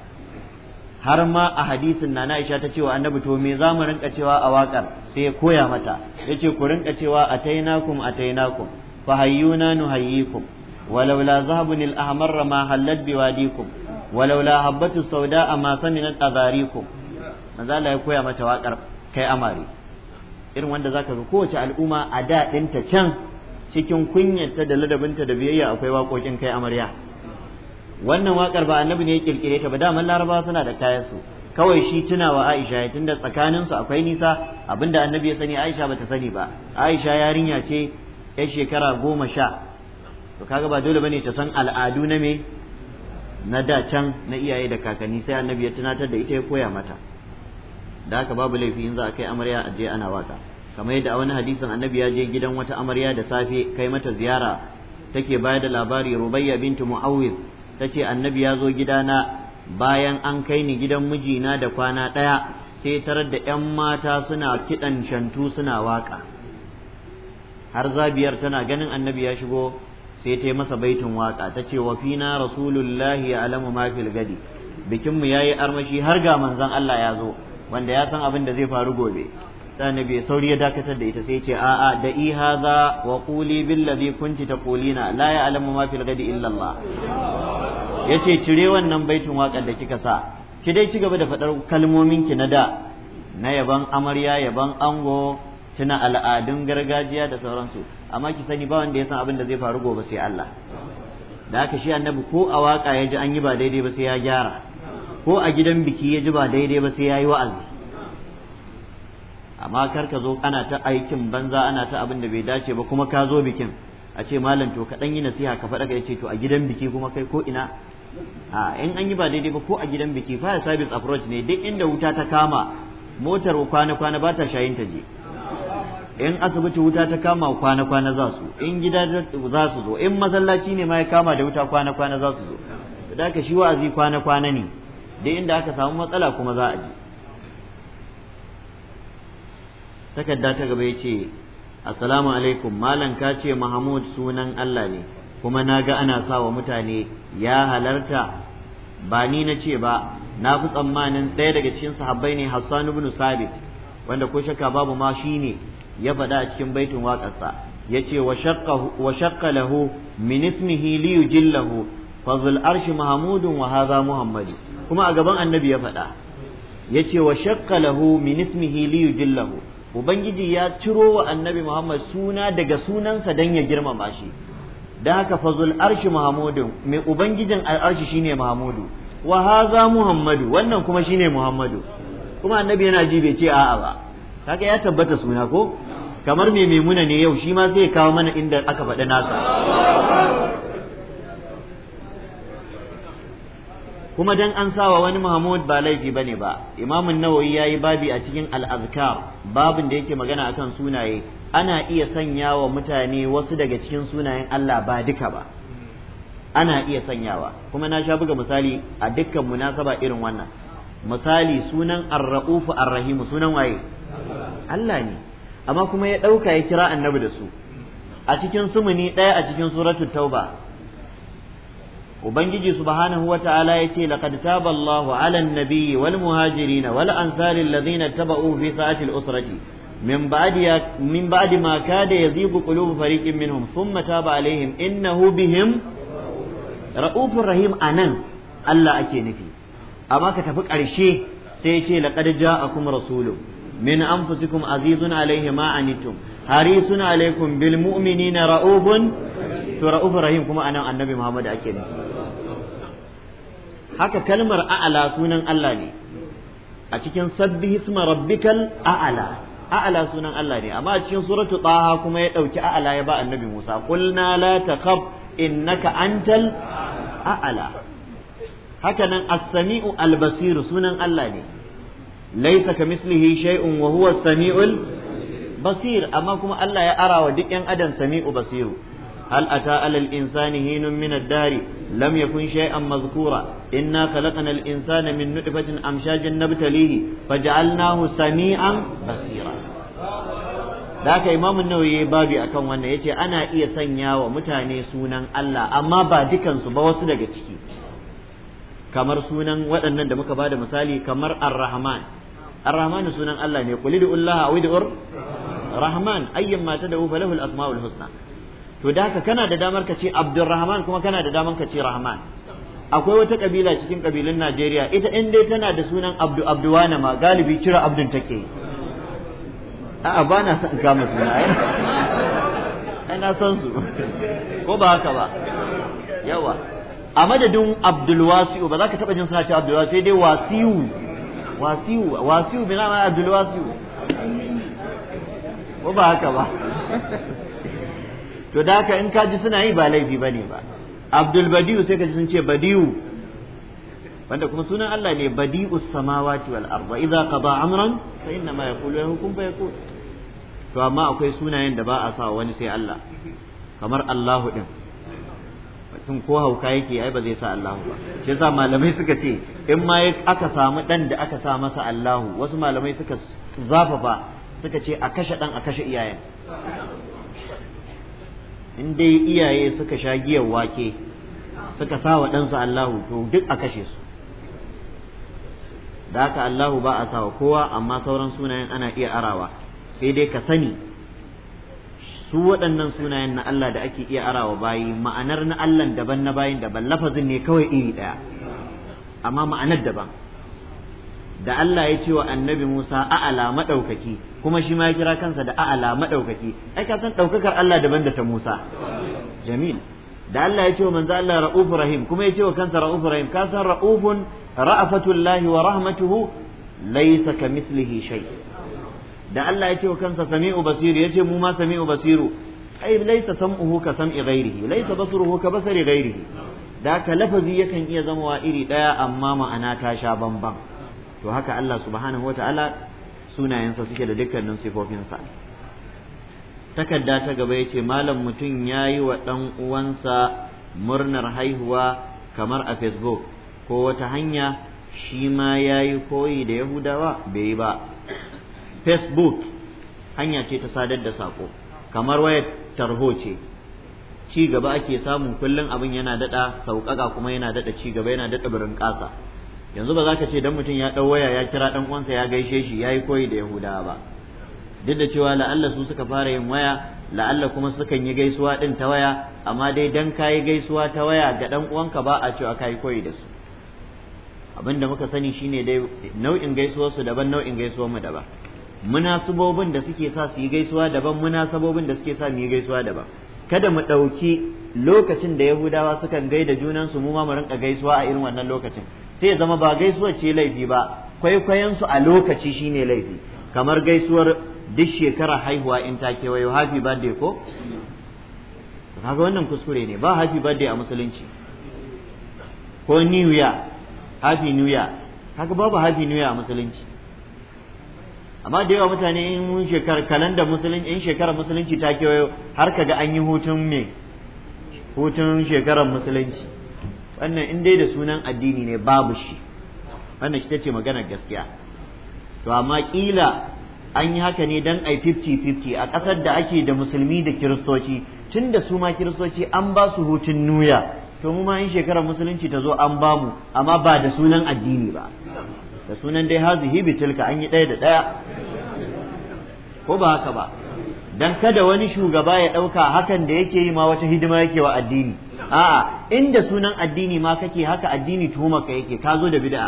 har ma a hadisin na Aisha ta cewa annabi to me zamu rinka cewa a wakar sai ya koya mata yace ku rinka cewa atainakum atainakum fa hayyuna nuhayyikum walaula zahabun al-ahmar ma hallat biwadikum walaula habbatu sauda ma saminat azarikum manzo Allah ya koya mata wakar kai amare irin wanda zaka ga kowace al'umma a da ɗinta can cikin kunyarta da ladabinta da biyayya akwai waƙoƙin kai amarya wannan wakar ba annabi ne ya kirkire ta ba daman laraba suna da kayan su kawai shi tuna wa Aisha ya tunda tsakanin su akwai nisa abinda annabi ya sani Aisha bata sani ba Aisha yarinya ce yar shekara goma sha to kaga ba dole bane ta san al'adu na me na da can na iyaye da kakanni sai annabi ya tunatar da ita ya koya mata da haka babu laifi in za a kai amarya a je ana waka kamar yadda a wani hadisin annabi ya je gidan wata amarya da safe kai mata ziyara take bayar da labari rubayya bintu mu'awwiz Ta ce annabi ya zo gidana bayan an kai ni gidan mijina da kwana ɗaya sai tarar da 'yan mata suna kiɗan shantu suna waƙa har zabiyar tana ganin annabi ya shigo sai ta yi masa baitin waƙa ta ce wa fina rasulullahi ya alamu ma fil gadi bikinmu ya yi armashi har ga manzon Allah ya zo wanda ya san abin da zai faru gobe Sani bai sauri ya dakatar da ita sai ce a'a da i haza wa quli bil ladhi kunti taqulina la ya'lamu ma fil ghadi illa Allah yace cire wannan baitin waƙar da kika sa ki dai ci gaba da faɗar kalmomin ki na da na yaban amarya yaban ango tuna al'adun gargajiya da sauransu amma ki sani ba wanda ya san abin da zai faru gobe sai Allah da haka shi annabi ko a waƙa ya ji an yi ba daidai ba sai ya gyara ko a gidan biki ya ji ba daidai ba sai ya yi wa'azi amma kar ka zo ana ta aikin banza ana ta abin da bai dace ba kuma ka zo bikin a ce malam to kaɗan yi nasiha ka faɗa ka ce to a gidan biki kuma kai ko ina a in an yi ba daidai ba ko a gidan biki fire service approach ne duk inda wuta ta kama motar kwana kwana ba ta shayin ta je in asibiti wuta ta kama kwana kwana za su in gida za su zo in masallaci ne ma ya kama da wuta kwana kwana za su zo da haka shi wa'azi kwana kwana ne duk inda aka samu matsala kuma za a je takarda ta gaba yace assalamu alaikum malam ka ce mahmud sunan Allah ne kuma na ga ana sa wa mutane ya halarta ba ni na ce ba na fi tsammanin ɗaya daga cikin sahabbai ne Hassan ibn Sabit wanda ko shakka babu ma shi ne ya faɗa a cikin baitin waƙarsa ya ce wa shakka lahu min ismihi li yujillahu fadhul arshi mahmudun wa hadha muhammadu kuma a gaban annabi ya faɗa ce wa shaqqa lahu min ismihi li yujillahu ubangiji ya ciro wa annabi muhammad suna daga sunansa don ya girmama shi da haka fazul arshi muhammadu mai ubangijin al'arshi shi ne muhammadu wa haza muhammadu wannan kuma shi ne muhammadu kuma annabi yana ji bai ce a'a ba haka ya tabbata suna ko kamar mai maimuna ne yau shi ma zai kawo mana inda aka faɗi nasa kuma dan an sawa wani Mahmud ba laifi bane ba imamun Nawawi yayi babi a cikin al-azkar babin da yake magana akan sunaye ana iya sanyawa mutane wasu daga cikin sunayen Allah ba duka ba ana iya sanyawa kuma na sha buga misali a dukkan munasaba irin wannan misali sunan ar-ra'ufu ar-rahimu sunan waye Allah ne amma kuma ya ɗauka ya kira annabi da su a cikin sumuni ɗaya a cikin suratul tauba ubangiji subhanahu wata'ala yace laqad taba Allahu 'alan nabiyyi wal muhajirin wal ansari alladhina taba'u fi sa'ati al-usrati min ba'di min ba'di ma kada yazigu qulubu fariqin minhum thumma taba 'alayhim innahu bihim ra'ufur rahim anan Allah ake nufi amma ka tafi ƙarshe sai yace laqad ja'akum rasulun min anfusikum azizun 'alayhi ma anittum harisun 'alaykum bil mu'minina ra'ufun to ra'ufur rahim kuma anan annabi Muhammad ake nufi haka kalmar a'ala sunan Allah ne a cikin sabbi isma rabbikal a'ala a'ala sunan Allah ne amma a cikin suratu taha kuma ya dauki a'ala ya ba annabi Musa qulna la takhaf innaka antal a'ala haka nan as-sami'u al-basir sunan Allah ne laysa kamislihi shay'un wa huwa as-sami'ul basir amma kuma Allah ya arawa duk yan adam sami'u basiru هل أتى على الإنسان هين من الدار لم يكن شيئا مذكورا إنا خلقنا na من نطفة أمشاج نبتليه فجعلناه سميعا بصيرا da haka imam nawawi yayi babi akan wannan yace ana iya sanya wa mutane sunan Allah amma ba dukansu ba wasu daga ciki kamar sunan waɗannan da muka bada misali kamar Ar-Rahman Ar-Rahman sunan Allah ne qulidullah wa ud-ur Rahman ayyamma tad'u falahu al-asma'ul husna to da haka kana da damar ka ce abdurrahman kuma kana da damar ka ce Rahman akwai wata kabila cikin kabilun Najeriya ita in dai tana da sunan Abdu Abduwana ma galibi kira Abdun take a'a ba na san kama suna ai ai na san su ko ba haka ba yawa a madadin Abdul Wasi'u ba za ka taba jin suna ce wasiu sai dai Wasiu Wasiu Wasiu bina Abdul Wasi'u ko ba haka ba to da haka in ka ji suna yi ba laifi ba ne ba abdul badiu sai ka ji sun ce badiu wanda kuma sunan Allah ne badi'us samawati wal arda idza qada amran fa inna ma yaqulu lahu kun fayakun to amma akwai sunayen da ba a sa wani sai Allah kamar Allahu din mutum ko hauka yake ai ba zai sa Allahu ba shi yasa malamai suka ce in ma aka samu dan da aka sa masa Allahu wasu malamai suka zafafa suka ce a kashe dan a kashe iyayen in dai iyaye suka sha giyar wake suka sa wa ɗansu Allahu to duk a kashe su da haka Allahu ba a sawa kowa amma sauran sunayen ana iya arawa sai dai ka sani su waɗannan sunayen na Allah da ake iya arawa bayi ma'anar na Allah daban na bayin daban lafazin ne kawai iri ɗaya amma ma'anar daban da Allah ya ce wa annabi Musa a'ala maɗaukaki, kuma shi ma ya kira kansa da a'ala maɗaukaki. ai ka san ɗaukakar Allah daban da ta Musa jamil da Allah ya ce wa manzo Allah ra'uf rahim kuma ya ce wa kansa ra'uf rahim ka san ra'ufun ra'afatullahi wa rahmatuhu laysa kamithlihi shay da Allah ya ce wa kansa sami'u basiru ya ce mu ma sami'u basiru ai laysa sam'uhu ka sam'i ghairihi laysa basruhu ka basari ghairihi da haka lafazi yakan iya zama wa iri daya amma ma'ana ta sha bambam to haka Allah subhanahu ta'ala sunayensa suke da dukkanin sifofinsa takarda ta gaba ya ce malam mutum ya yi wa ɗan uwansa murnar haihuwa kamar a facebook ko wata hanya shi ma ya yi koyi da yahudawa bai yi ba facebook hanya ce ta sadar da saƙo kamar wayar tarho ce ci gaba ake samun kullum abin yana daɗa sauƙaƙa kuma yana daɗa ci gaba yana daɗa birin ƙasa yanzu ba za ka ce dan mutum ya ɗau waya ya kira dan uwansa ya gaishe shi ya yi koyi da yahudawa ba duk da cewa la'alla su suka fara yin waya la'alla kuma sukan yi gaisuwa ɗin ta waya amma dai dan ka yi gaisuwa ta waya ga dan uwanka ba a cewa ka yi koyi da su abin da muka sani shine dai nau'in su daban nau'in mu daban munasabobin da suke sa su yi gaisuwa daban munasabobin da suke sa mu yi gaisuwa daban kada mu ɗauki lokacin da yahudawa sukan gaida junansu mu ma mu rinka gaisuwa a irin wannan lokacin sai zama ba gaisuwar ce laifi ba kwaikwayon su a lokaci shine laifi kamar gaisuwar duk shekara haihuwa in ta kewayo happy birthday ko kaga wannan kuskure ne ba happy birthday a musulunci ko new year happy new year kaga babu happy new year a musulunci amma da yawa mutane in shekar kalanda musulunci in shekarar musulunci ta kewayo har kaga an yi hutun me hutun shekarar musulunci wannan in dai da sunan addini ne babu shi wannan ta ce maganar gaskiya to amma kila an yi haka ne dan ai 50-50 a ƙasar da ake da musulmi da kiristoci tun da su ma kiristoci an ba su hutun nuya to mu ma in shekarar musulunci ta zo an ba mu amma ba da sunan addini ba da sunan dai hazihi bitilka an yi ɗaya da ɗaya ko ba haka ba dan kada wani shugaba ya ɗauka hakan da yake yi ma wata hidima yake wa addini a'a inda sunan addini ma kake haka addini tuhumar ka yake ka zo da bid'a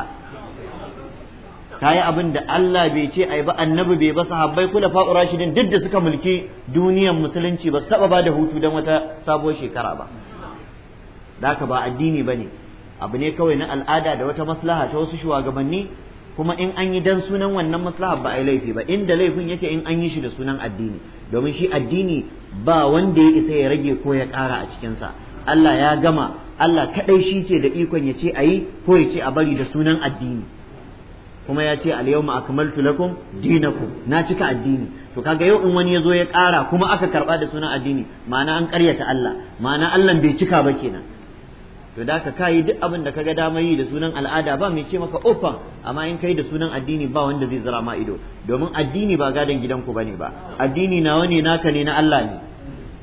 ka yi abin da Allah bai ce ai ba annabi bai ba sahabbai kula fa'u rashidin duk da suka mulki duniyar musulunci ba su taɓa ba da hutu don wata sabuwar shekara ba haka ba addini bane abu ne kawai na al'ada da wata maslaha ta wasu shugabanni kuma in an yi dan sunan wannan maslaha ba a laifi ba inda laifin yake in an yi shi da sunan addini domin shi addini ba wanda ya isa ya rage ko ya ƙara a cikinsa Allah ya gama Allah kaɗai shi ke da ikon ya ce a yi ko ya ce a bari da sunan addini kuma ya ce al-yawma akmaltu lakum dinakum na cika addini to kaga yau in wani ya zo ya ƙara kuma aka karba da sunan addini ma'ana an karyata Allah ma'ana Allah bai cika ba kenan to da ka kayi duk abin da kaga dama yi da sunan al'ada ba mai ce maka ofa oh, amma in kai da sunan addini ba wanda zai zira ma ido domin addini ba gadon gidanku bane ba addini nawa ne naka ne na Allah ne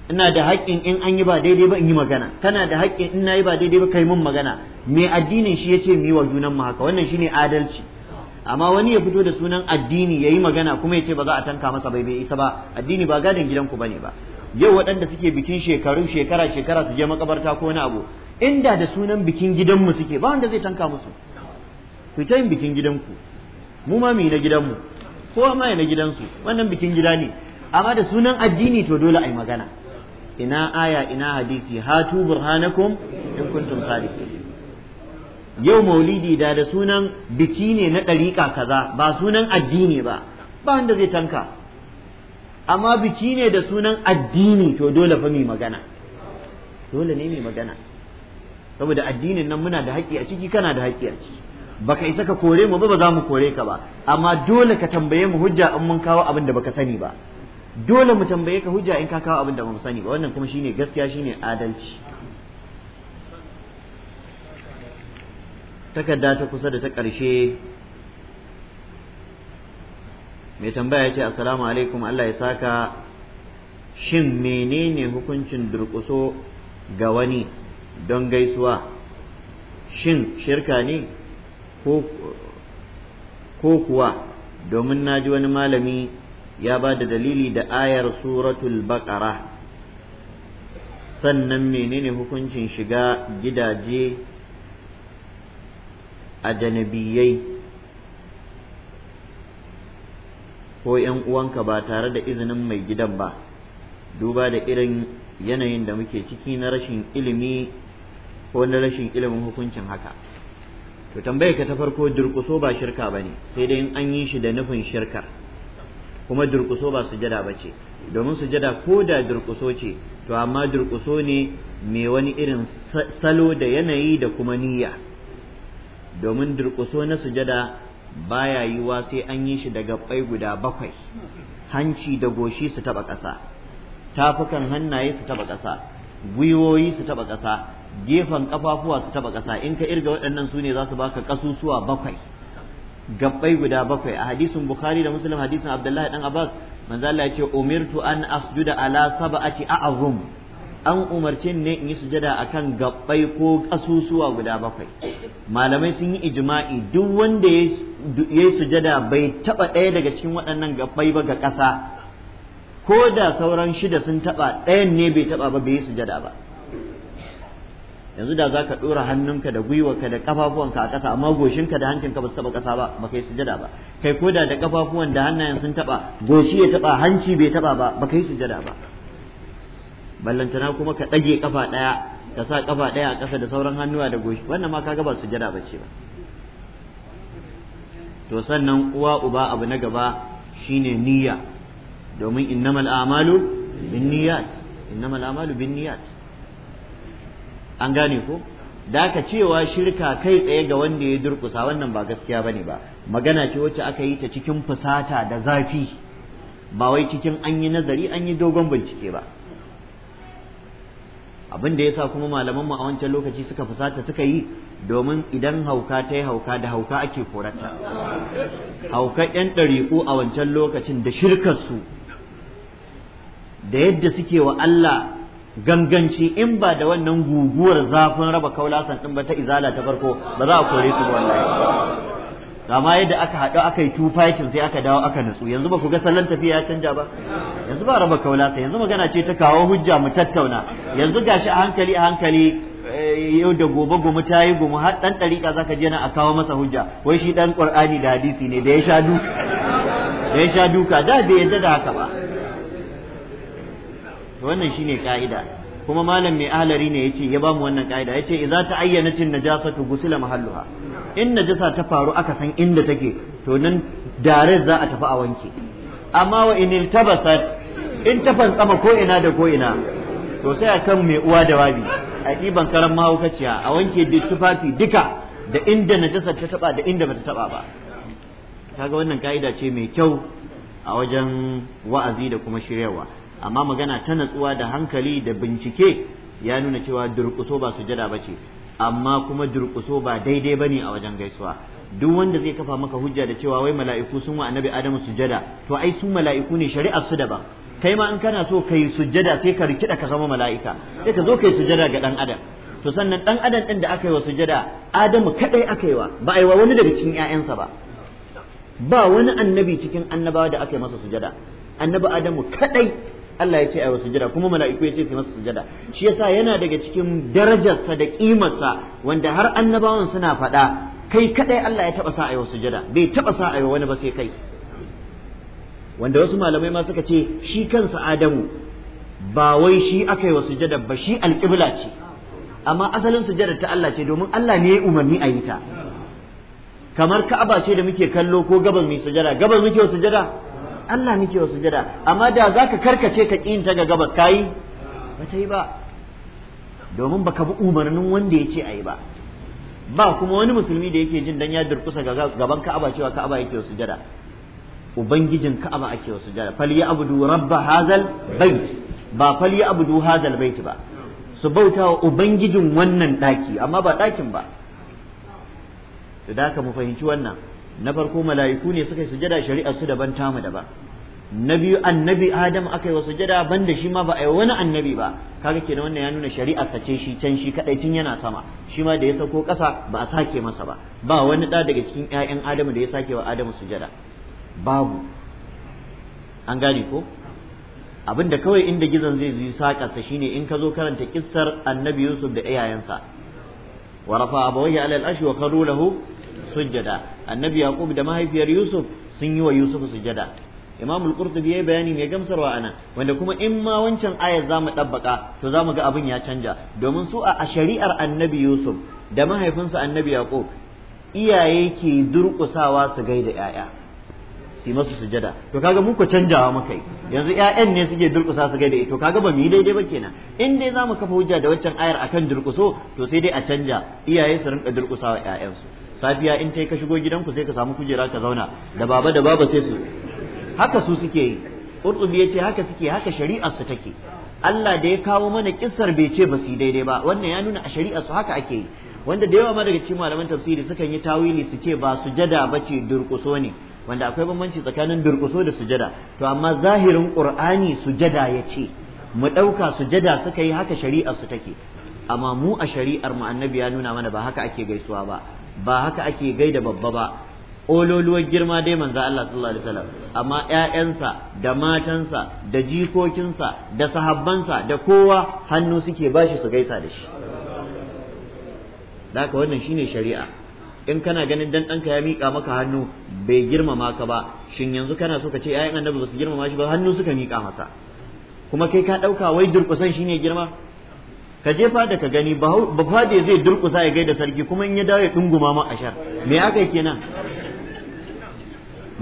ina da haƙƙin in an yi ba daidai ba in yi magana kana da haƙƙin in na yi ba daidai ba kai mun magana me addinin shi yace mu yi wa junan mu haka wannan shine adalci amma wani ya fito da sunan addini yayi magana kuma ya ce ba za a tanka masa bai bai isa ba addini ba gadin gidanku bane ba yau waɗanda suke bikin shekaru shekara shekara su je makabarta ko wani abu inda da sunan bikin gidanmu suke ba wanda zai tanka musu ku yin bikin gidanku mu ma mu yi na gidanmu kowa ma ya na gidansu wannan bikin gida ne amma da sunan addini to dole a yi magana ina aya ina hadisi hatu burhanakum in kuntum sadiqin yau maulidi da da sunan biki ne na ɗariƙa kaza ba sunan addini ba ba wanda zai tanka amma biki ne da sunan addini to dole fa mai magana dole ne mai magana saboda addinin nan muna da haƙƙi a ciki kana da haƙƙi a ciki baka isa ka kore mu ba ba za mu kore ka ba amma dole ka tambaye mu hujja in mun kawo abin da baka sani ba dole mu tambaye ka hujja in ka kawo abin da ba mu sani ba wannan kuma shine gaskiya shine adalci takarda ta kusa da ta ƙarshe mai tambaya ya ce assalamu alaikum Allah ya saka shin menene hukuncin durƙuso ga wani don gaisuwa shin shirka ne ko kuwa domin na ji wani malami ya ba da dalili da ayar suratul baqara sannan menene hukuncin shiga gidaje a janabiyai ko ‘yan uwanka ba tare da izinin mai gidan ba duba da irin yanayin da muke ciki na rashin ilimi ko na rashin ilimin hukuncin haka to tambaye ka ta farko durƙuso ba shirka ba ne sai dai in an yi shi da nufin shirkar kuma durƙuso ba sujada ba ce domin sujada ko da durƙuso ce to amma durƙuso ne mai wani irin salo da yanayi da kuma niyya domin durƙuso na sujada baya yiwuwa sai an yi shi daga gabbai guda bakwai hanci da goshi su taba ƙasa tafukan hannaye su taba ƙasa gwiwoyi su taba ƙasa gefen ƙafafuwa su taba ƙasa in ka irga waɗannan su ne za su baka ƙasusuwa bakwai gabbai guda bakwai a hadisin bukhari da muslim hadisin abdullahi dan abbas manzo Allah ya ce umirtu an asjuda ala sab'ati a'zum an umarce ne in yi sujada akan gabbai ko kasusuwa guda bakwai malamai sun yi ijma'i duk wanda ya yi sujada bai taba ɗaya daga cikin waɗannan gabbai ba ga ƙasa ko da sauran shida sun taba ɗayan ne bai taba ba bai yi sujada ba yanzu da zaka ɗora hannunka da gwiwarka da kafafuwanka a ƙasa amma goshinka da hancinka ba su taɓa ƙasa ba ba yi sujada ba kai ko da kafafuwan da hannayen sun taɓa goshi ya taɓa hanci bai taɓa ba ba yi sujada ba ballantana kuma ka ɗage ƙafa ɗaya ka sa ƙafa ɗaya a ƙasa da sauran hannuwa da goshi wannan ma kaga gaba sujada ba ce ba to sannan uwa uba abu na gaba shine niyya domin innamal a'malu binniyat innamal a'malu binniyat an gane ko da ka cewa shirka kai tsaye ga wanda ya durkusa wannan ba gaskiya bane ba magana ce wacce aka yi ta cikin fusata da zafi ba wai cikin an yi nazari an yi dogon bincike ba abin da yasa kuma malaman mu a wancan lokaci suka fusata suka yi domin idan hauka ta yi hauka da hauka ake korata hauka yan ɗariƙo a wancan lokacin da shirkarsu da yadda suke wa Allah ganganci in ba da wannan guguwar zafin raba kaulasan din ba ta izala ta farko ba za a kore su wallahi amma yadda aka haɗu aka yi tufakin sai aka dawo aka nutsu yanzu ba ku ga sallan tafiya ya canja ba yanzu ba raba kaulasan yanzu magana ce ta kawo hujja mu tattauna yanzu gashi a hankali a hankali eh, yau da gobe gumu ta yi gumu har ɗan ɗariƙa zaka je nan a kawo masa hujja wai shi ɗan ƙur'ani da hadisi ne da ya sha duka da ya sha duka da bai yadda da haka ba wannan shine ka'ida kuma malam mai ahlari ne yace ya bamu wannan ka'ida yace idza ta'ayyanatin najasatu gusila mahalluha in najasa ta faru aka san inda take to nan dare za a tafi a wanke amma wa in tabasat in ta fantsama ko ina da ko ina to sai akan mai uwa da wabi a diban karan mahaukaciya a wanke duk tufafi duka da inda najasa ta taba da inda bata taba ba kaga wannan ka'ida ce mai kyau a wajen wa'azi da kuma shiryarwa amma magana ta natsuwa da hankali da bincike ya nuna cewa durƙuso ba sujada ba ce amma kuma durƙuso ba daidai ba ne a wajen gaisuwa duk wanda zai kafa maka hujja da cewa wai mala'iku sun wa annabi adamu sujada to ai su mala'iku ne shari'ar su daban kai ma in kana so kai sujada sai ka rikida ka zama mala'ika sai ka zo kai sujada ga dan adam to sannan dan adam din da aka yi wa sujada adamu kadai aka yi wa ba a yi wa wani daga cikin ƴaƴansa ba ba wani annabi cikin annabawa da aka yi masa sujada annabi adamu kadai Allah ya ce ayi sujada kuma mala'iku ya ce su masa sujada shi yasa yana daga cikin darajarsa da kimarsa wanda har annabawan suna faɗa kai kadai Allah ya taba sa ayi sujada bai taba sa ayi wani ba sai kai wanda wasu malamai ma suka ce shi kansa Adamu ba wai shi aka yi wa sujada ba shi alƙibla ce amma asalin sujada ta Allah ce domin Allah ne ya umarni a yi ta kamar Ka'aba ce da muke kallo ko gabas mai sujada gabas muke sujada Allah muke wa sujada amma da za ka karkace ka ƙi ta ga gabas yi? ba ta yi ba domin baka bi umarnin wanda ya ce a yi ba ba kuma wani musulmi da yake jin dan ya durkusa gaban Ka'aba cewa Ka'aba yake wa sujada ubangijin Ka'aba ake wa sujada fal ya abudu rabba hazal bait ba fal ya abudu hazal bait ba su bauta wa ubangijin wannan daki amma ba dakin ba da haka mu fahimci wannan na farko mala'iku ne suka yi sujada shari'ar su daban tamu daban na biyu annabi adam aka yi wa sujada ban da shi ma ba a yi wani annabi ba kaga kenan wannan ya nuna shari'ar sa ce shi can shi kadai tun yana sama shi ma da ya sako kasa ba a sake masa ba ba wani da daga cikin ƴaƴan Adam da ya sake wa adamu sujada babu an gane ko abinda kawai inda gizon zai yi sa shine in ka zo karanta kissar annabi yusuf da iyayensa wa rafa abawayhi ala al sujjada annabi yaqub da mahaifiyar yusuf sun yi wa yusuf sujjada imam al-qurtubi yayi bayani mai gamsarwa anan wanda kuma in ma wancan ayar zamu dabbaka to zamu ga abin ya canja domin su a shari'ar annabi yusuf da mahaifinsa annabi yaqub iyaye ke durƙusawa su gaida 'ya'ya su masu sujjada to kaga mu ku canjawa maka yanzu 'ya'yan ne suke durƙusa su gaida to kaga ba mu yi daidai ba kenan in dai zamu kafa hujja da waccan ayar akan durƙuso to sai dai a canja iyaye su rinka durƙusawa ƴaƴansu safiya in ta ka shigo gidanku sai ka samu kujera ka zauna da baba da baba sai su haka su suke yi ya ce haka suke haka shari'ar su take Allah da ya kawo mana ƙisar bai ce ba su daidai ba wannan ya nuna a shari'ar su haka ake yi wanda da yawa ma daga cikin malaman tafsiri sukan yi tawili su ce ba sujada ce durkuso ne wanda akwai bambanci tsakanin durkuso da sujada to amma zahirin qur'ani sujada ce mu ɗauka sujada suka yi haka shari'ar su take amma mu a shari'ar mu annabi ya nuna mana ba haka ake gaisuwa ba ba haka ake gaida babba ba ololuwar girma dai manzo Allah sallallahu alaihi wasallam amma ƴaƴansa da matansa da jikokinsa da sahabbansa da kowa hannu suke bashi su gaisa da shi haka wannan shine shari'a in kana ganin dan ɗanka ya miƙa maka hannu bai girmama ka ba shin yanzu kana so ka ce ƴaƴan annabi ba su girmama shi ba hannu suka miƙa masa kuma kai ka ɗauka wai durƙusan shine girma ka je fada ka gani ba fade zai durkusa ya gaida sarki kuma in ya dawo ya dunguma ma ashar me aka kenan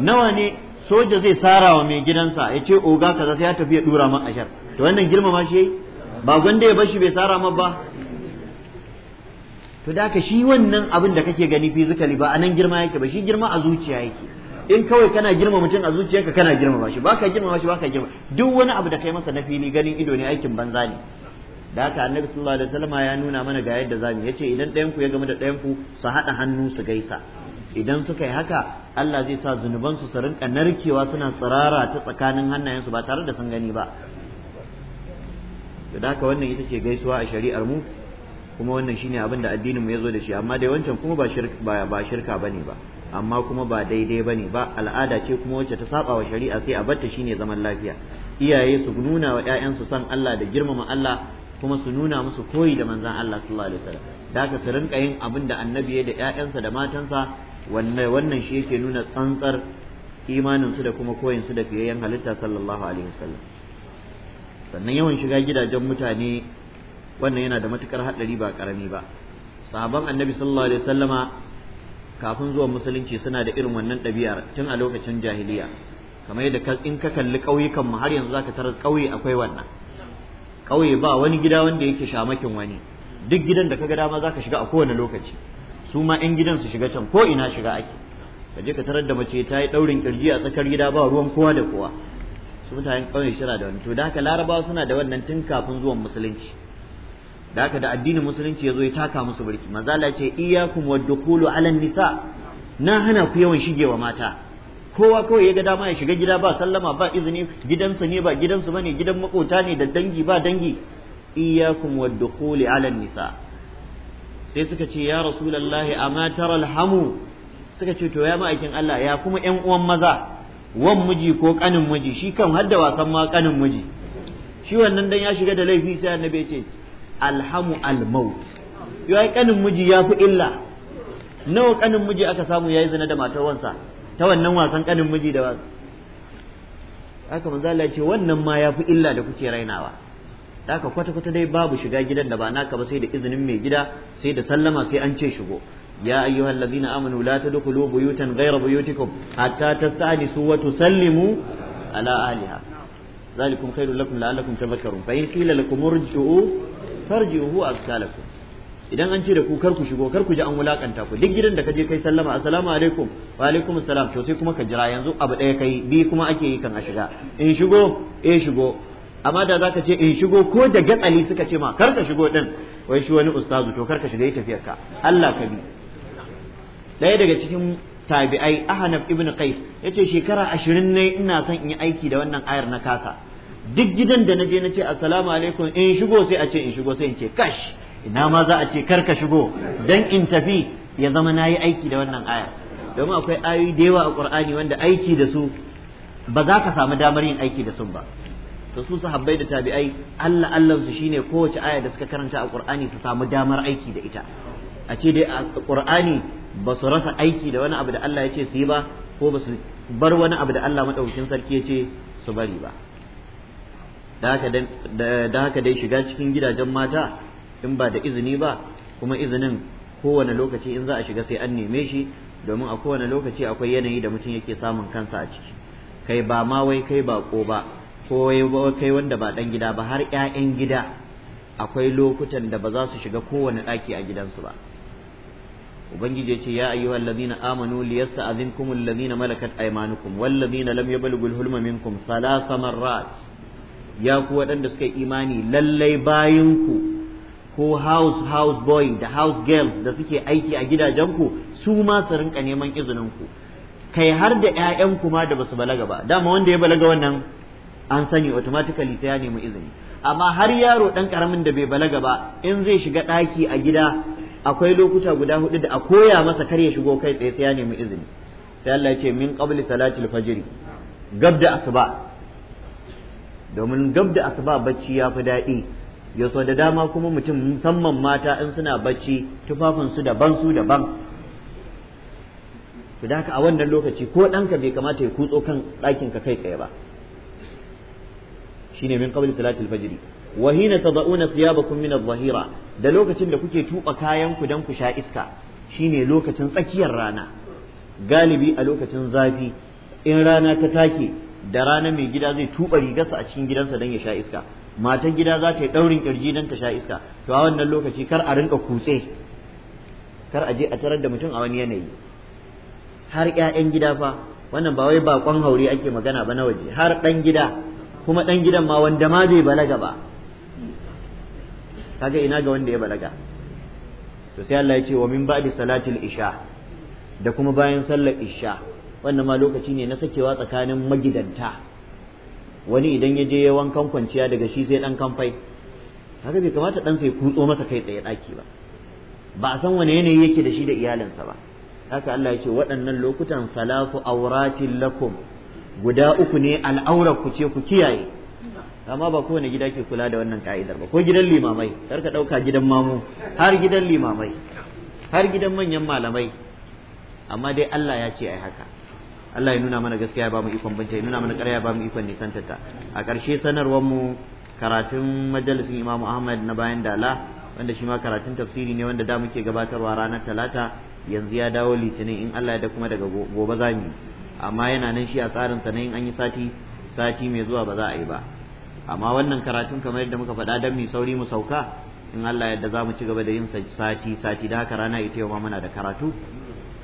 nawa ne soja zai sarawa mai gidansa ya ce oga kaza sai ya tafi ya dura ma ashar to wannan girmama shi ba gwanda ya bashi bai sara ma ba to da shi wannan abin da kake gani fizikali ba anan girma yake ba shi girma a zuciya yake in kawai kana girma mutum a zuciyarka kana girmama shi baka girmama shi baka girma duk wani abu da kai masa na fili ganin ido ne aikin banza ne da haka annabi sallallahu alaihi wasallam ya nuna mana ga yadda zamu yace idan ɗayan ku ya gamu da ɗayan ku su haɗa hannu su gaisa idan suka yi haka Allah zai sa zunuban su su rinka narkewa suna tsirara ta tsakanin hannayensu ba tare da sun gani ba da haka wannan ita ce gaisuwa a shari'ar mu kuma wannan shine abin da addinin mu yazo da shi amma dai wancan kuma ba shirka ba shirka bane ba amma kuma ba daidai bane ba al'ada ce kuma wacce ta saba wa shari'a sai a batta shine zaman lafiya iyaye su nuna wa 'ya'yansu san Allah da girmama Allah kuma su nuna musu koyi da manzan Allah sallallahu alaihi wasallam da ka su rinka yin abin da annabi ya da ƴaƴansa da matansa wannan shi yake nuna tsantsar imanin su da kuma koyin su da fiyayyen halitta sallallahu alaihi wasallam sannan yawan shiga gidajen mutane wannan yana da matukar haɗari ba karami ba sahabban annabi sallallahu alaihi wasallama kafin zuwa musulunci suna da irin wannan ɗabi'ar tun a lokacin jahiliya kamar yadda in ka kalli ƙauyukan mu har yanzu zaka tarar ƙauye akwai wannan ƙauye ba wani gida wanda yake shamakin wani duk gidan da kaga dama zaka shiga a kowane lokaci su ma 'yan gidan su shiga can ko ina shiga ake ka je ka tarar da mace ta yi ɗaurin kirji a tsakar gida ba ruwan kowa da kowa su mutanen ƙauye suna da wani to da haka larabawa suna da wannan tun kafin zuwan musulunci da haka da addinin musulunci ya zo ya taka musu birki manzala ce iyyakum wad dukulu ala nisa na hana ku yawan shigewa mata kowa kawai ya ga dama ya shiga gida ba sallama ba izini gidansa ne ba gidansu bane gidan makota ne da dangi ba dangi iyyakum waddukhuli ala nisa sai suka ce ya rasulullahi amma taral hamu suka ce to ya ma'aikin Allah ya kuma ƴan uwan maza wan miji ko kanin miji shi kan hadda wasan ma kanin miji shi wannan dan ya shiga da laifi sai annabi ya ce alhamu almaut yau ai kanin miji ya fi illa nawa kanin miji aka samu yayi zina da matar wansa ta wannan wasan kanin miji da wasu haka manzo Allah ce wannan ma yafi illa da kuke rainawa haka kwata kwata dai babu shiga gidan da ba naka ba sai da izinin mai gida sai da sallama sai an ce shigo ya ayyuhal ladina amanu la tadkhulu buyutan ghayra buyutikum hatta tasta'nisu wa tusallimu ala ahliha zalikum khairul lakum la'allakum tadhakkarun fa in qila lakum irji'u farji'u huwa lakum idan an ce da ku kar ku shigo kar ku ji an wulakanta ku duk gidan da ka je kai sallama assalamu alaikum wa alaikum assalam to sai kuma ka jira yanzu abu ɗaya kai bi kuma ake yi kan a shiga in shigo eh shigo amma da zaka ce in shigo ko da gatsali suka ce ma kar ka shigo din wai shi wani ustazu to kar ka shiga tafiyar ka Allah ka bi ɗaya daga cikin tabi'ai Ahnaf ibn Qais yace shekara 20 ne ina son in yi aiki da wannan ayar na kasa duk gidan da naje nace assalamu alaikum in shigo sai a ce in shigo sai in ce kash ina ma za a ce kar ka shigo dan in tafi ya zama na yi aiki da wannan aya domin akwai ayoyi da yawa a qur'ani wanda aiki da su ba za ka samu damar yin aiki da su ba to su sahabbai da tabi'ai Allah Allah su shine kowace aya da suka karanta a qur'ani su samu damar aiki da ita a ce dai a qur'ani ba su rasa aiki da wani abu da Allah ya ce su yi ba ko ba su bar wani abu da Allah madaukakin sarki ya ce su bari ba da haka dai shiga cikin gidajen mata in ba da izini ba kuma izinin kowane lokaci in za a shiga sai an neme shi domin a kowane lokaci akwai yanayi da mutum yake samun kansa a ciki kai ba ma wai kai ba ko ba ko kai wanda ba dan gida ba har 'ya'yan gida akwai lokutan da ba za su shiga kowane ɗaki a gidansu ba ubangiji ya ce ya ayyuhal allazina amanu liyasta'zinkum allazina malakat aymanukum wallazina lam yablughul hulma minkum thalatha marrat ya ku waɗanda suka imani lallai bayinku ko house house boy da house girls da suke aiki a gidajen ku su ma su rinka neman izinin ku kai har da 'ya'yanku ma da basu balaga ba dama wanda ya balaga wannan an sani automatically sai ya nemi izini amma har yaro ɗan karamin da bai balaga ba in zai shiga ɗaki a gida akwai lokuta guda hudu da a koya masa kar ya shigo kai tsaye sai ya nemi izini sai Allah ya ce min qabli salatil fajr gab da asuba domin gabda da asuba bacci ya fi daɗi ya so da dama kuma mutum musamman mata in suna bacci tufafinsu su daban su daban to da haka a wannan lokaci ko ɗanka bai kamata ya kutso kan ɗakin ka kai tsaye ba shine min salati al fajri wa hina tad'una thiyabakum min adh-dhahira da lokacin da kuke tuba kayan ku dan ku sha iska shine lokacin tsakiyar rana galibi a lokacin zafi in rana ta take da rana mai gida zai tuba rigarsa a cikin gidansa dan ya sha iska matan gida za ta yi ɗaurin ƙirji don ta sha iska to a wannan lokaci kar a rinka kutse kar a je a tarar da mutum a wani yanayi har 'ya'yan gida fa wannan ba wai bakon haure ake magana ba na waje har ɗan gida kuma ɗan gidan ma wanda ma bai balaga ba kaga ina ga wanda ya balaga to sai Allah ya ce wa min ba'di salatil isha da kuma bayan sallar isha wannan ma lokaci ne na sakewa tsakanin magidanta wani idan ya je ya wankan kwanciya daga shi sai dan kamfai haka bai kamata dan sai kutso masa kai tsaye daki ba ba a san wani yanayi yake da shi da iyalinsa ba haka Allah ya ce waɗannan lokutan salafu auratin lakum guda uku ne al'aurar ku ce ku kiyaye amma ba kowane gida ke kula da wannan ka'idar ba ko gidan limamai kar ka ɗauka gidan mamu har gidan limamai har gidan manyan malamai amma dai Allah ya ce ai haka Allah ya nuna mana gaskiya ya ba mu ikon binta ya nuna mana ƙarya ya ba mu ikon nisanta ta a ƙarshe sanarwar mu karatun majalisin Imam Ahmad na bayan dala wanda shi ma karatun tafsiri ne wanda da muke gabatarwa ranar talata yanzu ya dawo litinin in Allah ya da kuma daga gobe za mu amma yana nan shi a tsarin sa in an yi sati sati mai zuwa ba za a yi ba amma wannan karatun kamar yadda muka faɗa dan mu sauri mu sauka in Allah da za mu ci gaba da yin sati sati da haka rana ita yau ma muna da karatu